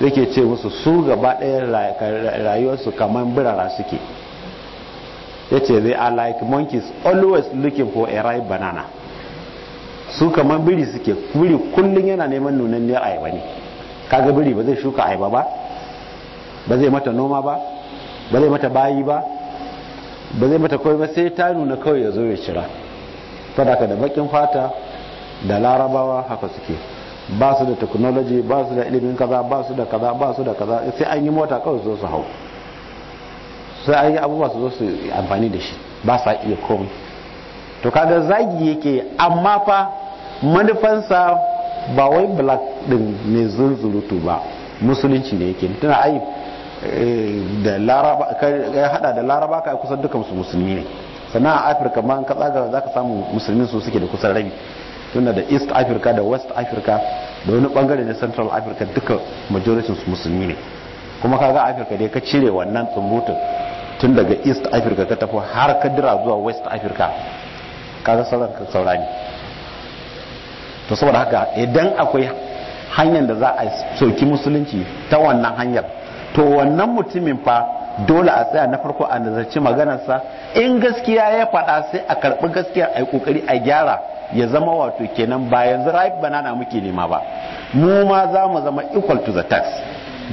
yake ce musu su gaba ɗaya rayuwarsu kamar birara suke ya ce they are like monkeys always looking for a ripe banana su kamar biri suke biri kullum yana neman nunan nunanniyar ayaba ne kaga biri ba zai shuka ayaba ba ba zai mata noma ba ba zai mata bayi ba ba zai mata kawai ba sai ta nuna kawai ya zo ya cira sadaka da bakin fata da larabawa haka suke ba su da technology ba su da ilimin kaza ba su da kaza ba su da kaza sai an yi mota kawai zo su hau sai an yi abubuwa su zo su amfani da shi ba sa iya komai to kaga zagi yake amma fa manufansa ba wai black din mai zunzurutu ba musulunci ne yake tana ai eh, da laraba ka hada da laraba ka kusan dukan su musulmi ne sana a afirka ma ka tsaga za ka samu musulmi su suke da kusan rabi tunda da east africa da west africa da wani bangare na central africa duka majority su musulmi ne kuma kaga afirka dai ka cire wannan tsumbutun tun daga east africa ka tafi har ka dira zuwa west africa kaga sauran ka saurani to saboda haka idan akwai hanyar da za a soki musulunci ta wannan hanyar to wannan mutumin fa dole a tsaya na farko a nazarci maganarsa in gaskiya ya faɗa sai a karɓi gaskiya a yi ƙoƙari a gyara ya zama wato kenan ba yanzu ripe banana muke nema ba mu ma za mu zama equal to the tax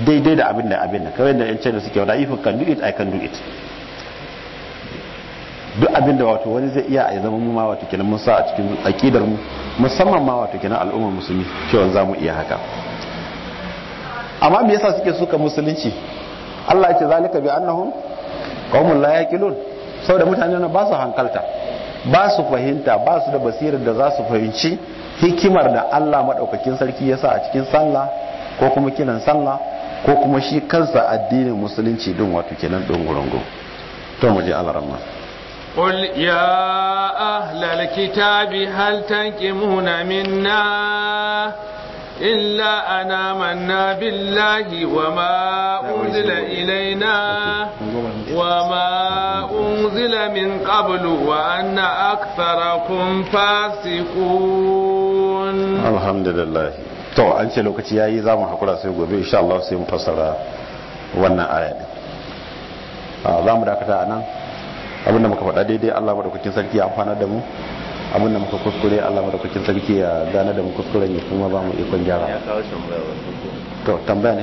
daidai da abin da abin da kawai da yancin da suke wada if you can do it i can do it duk abin da wato wani zai iya a zama mu ma wato kenan mun a cikin akidar mu musamman ma wato kenan al'ummar musulmi cewa za mu iya haka amma me yasa suke suka musulunci Allah ya ce zalika bi annahum qaumun la yaqilun saboda mutane na ba su hankalta ba su fahimta ba su da basirar da za su fahimci hikimar da Allah madaukakin sarki ya sa a cikin sallah ko kuma kiran sallah ko kuma shi kansa addinin musulunci din wato kenan dungurungu to mu je Allah قل يا أهل الكتاب هل تنكمون منا إلا أنا منا بالله وما أنزل إلينا وما أنزل من قبل وأن أكثركم فاسقون الحمد لله to an ce lokaci yayi za mu hakura sai gobe insha Allah sai mu fassara wannan aya din za mu dakata anan abinda muka faɗa daidai Allah madaukakin sarki ya amfana da mu abinda muka kuskure Allah madaukakin sarki ya gane da mu kuskuren ne kuma ba mu ikon gyara to tambaya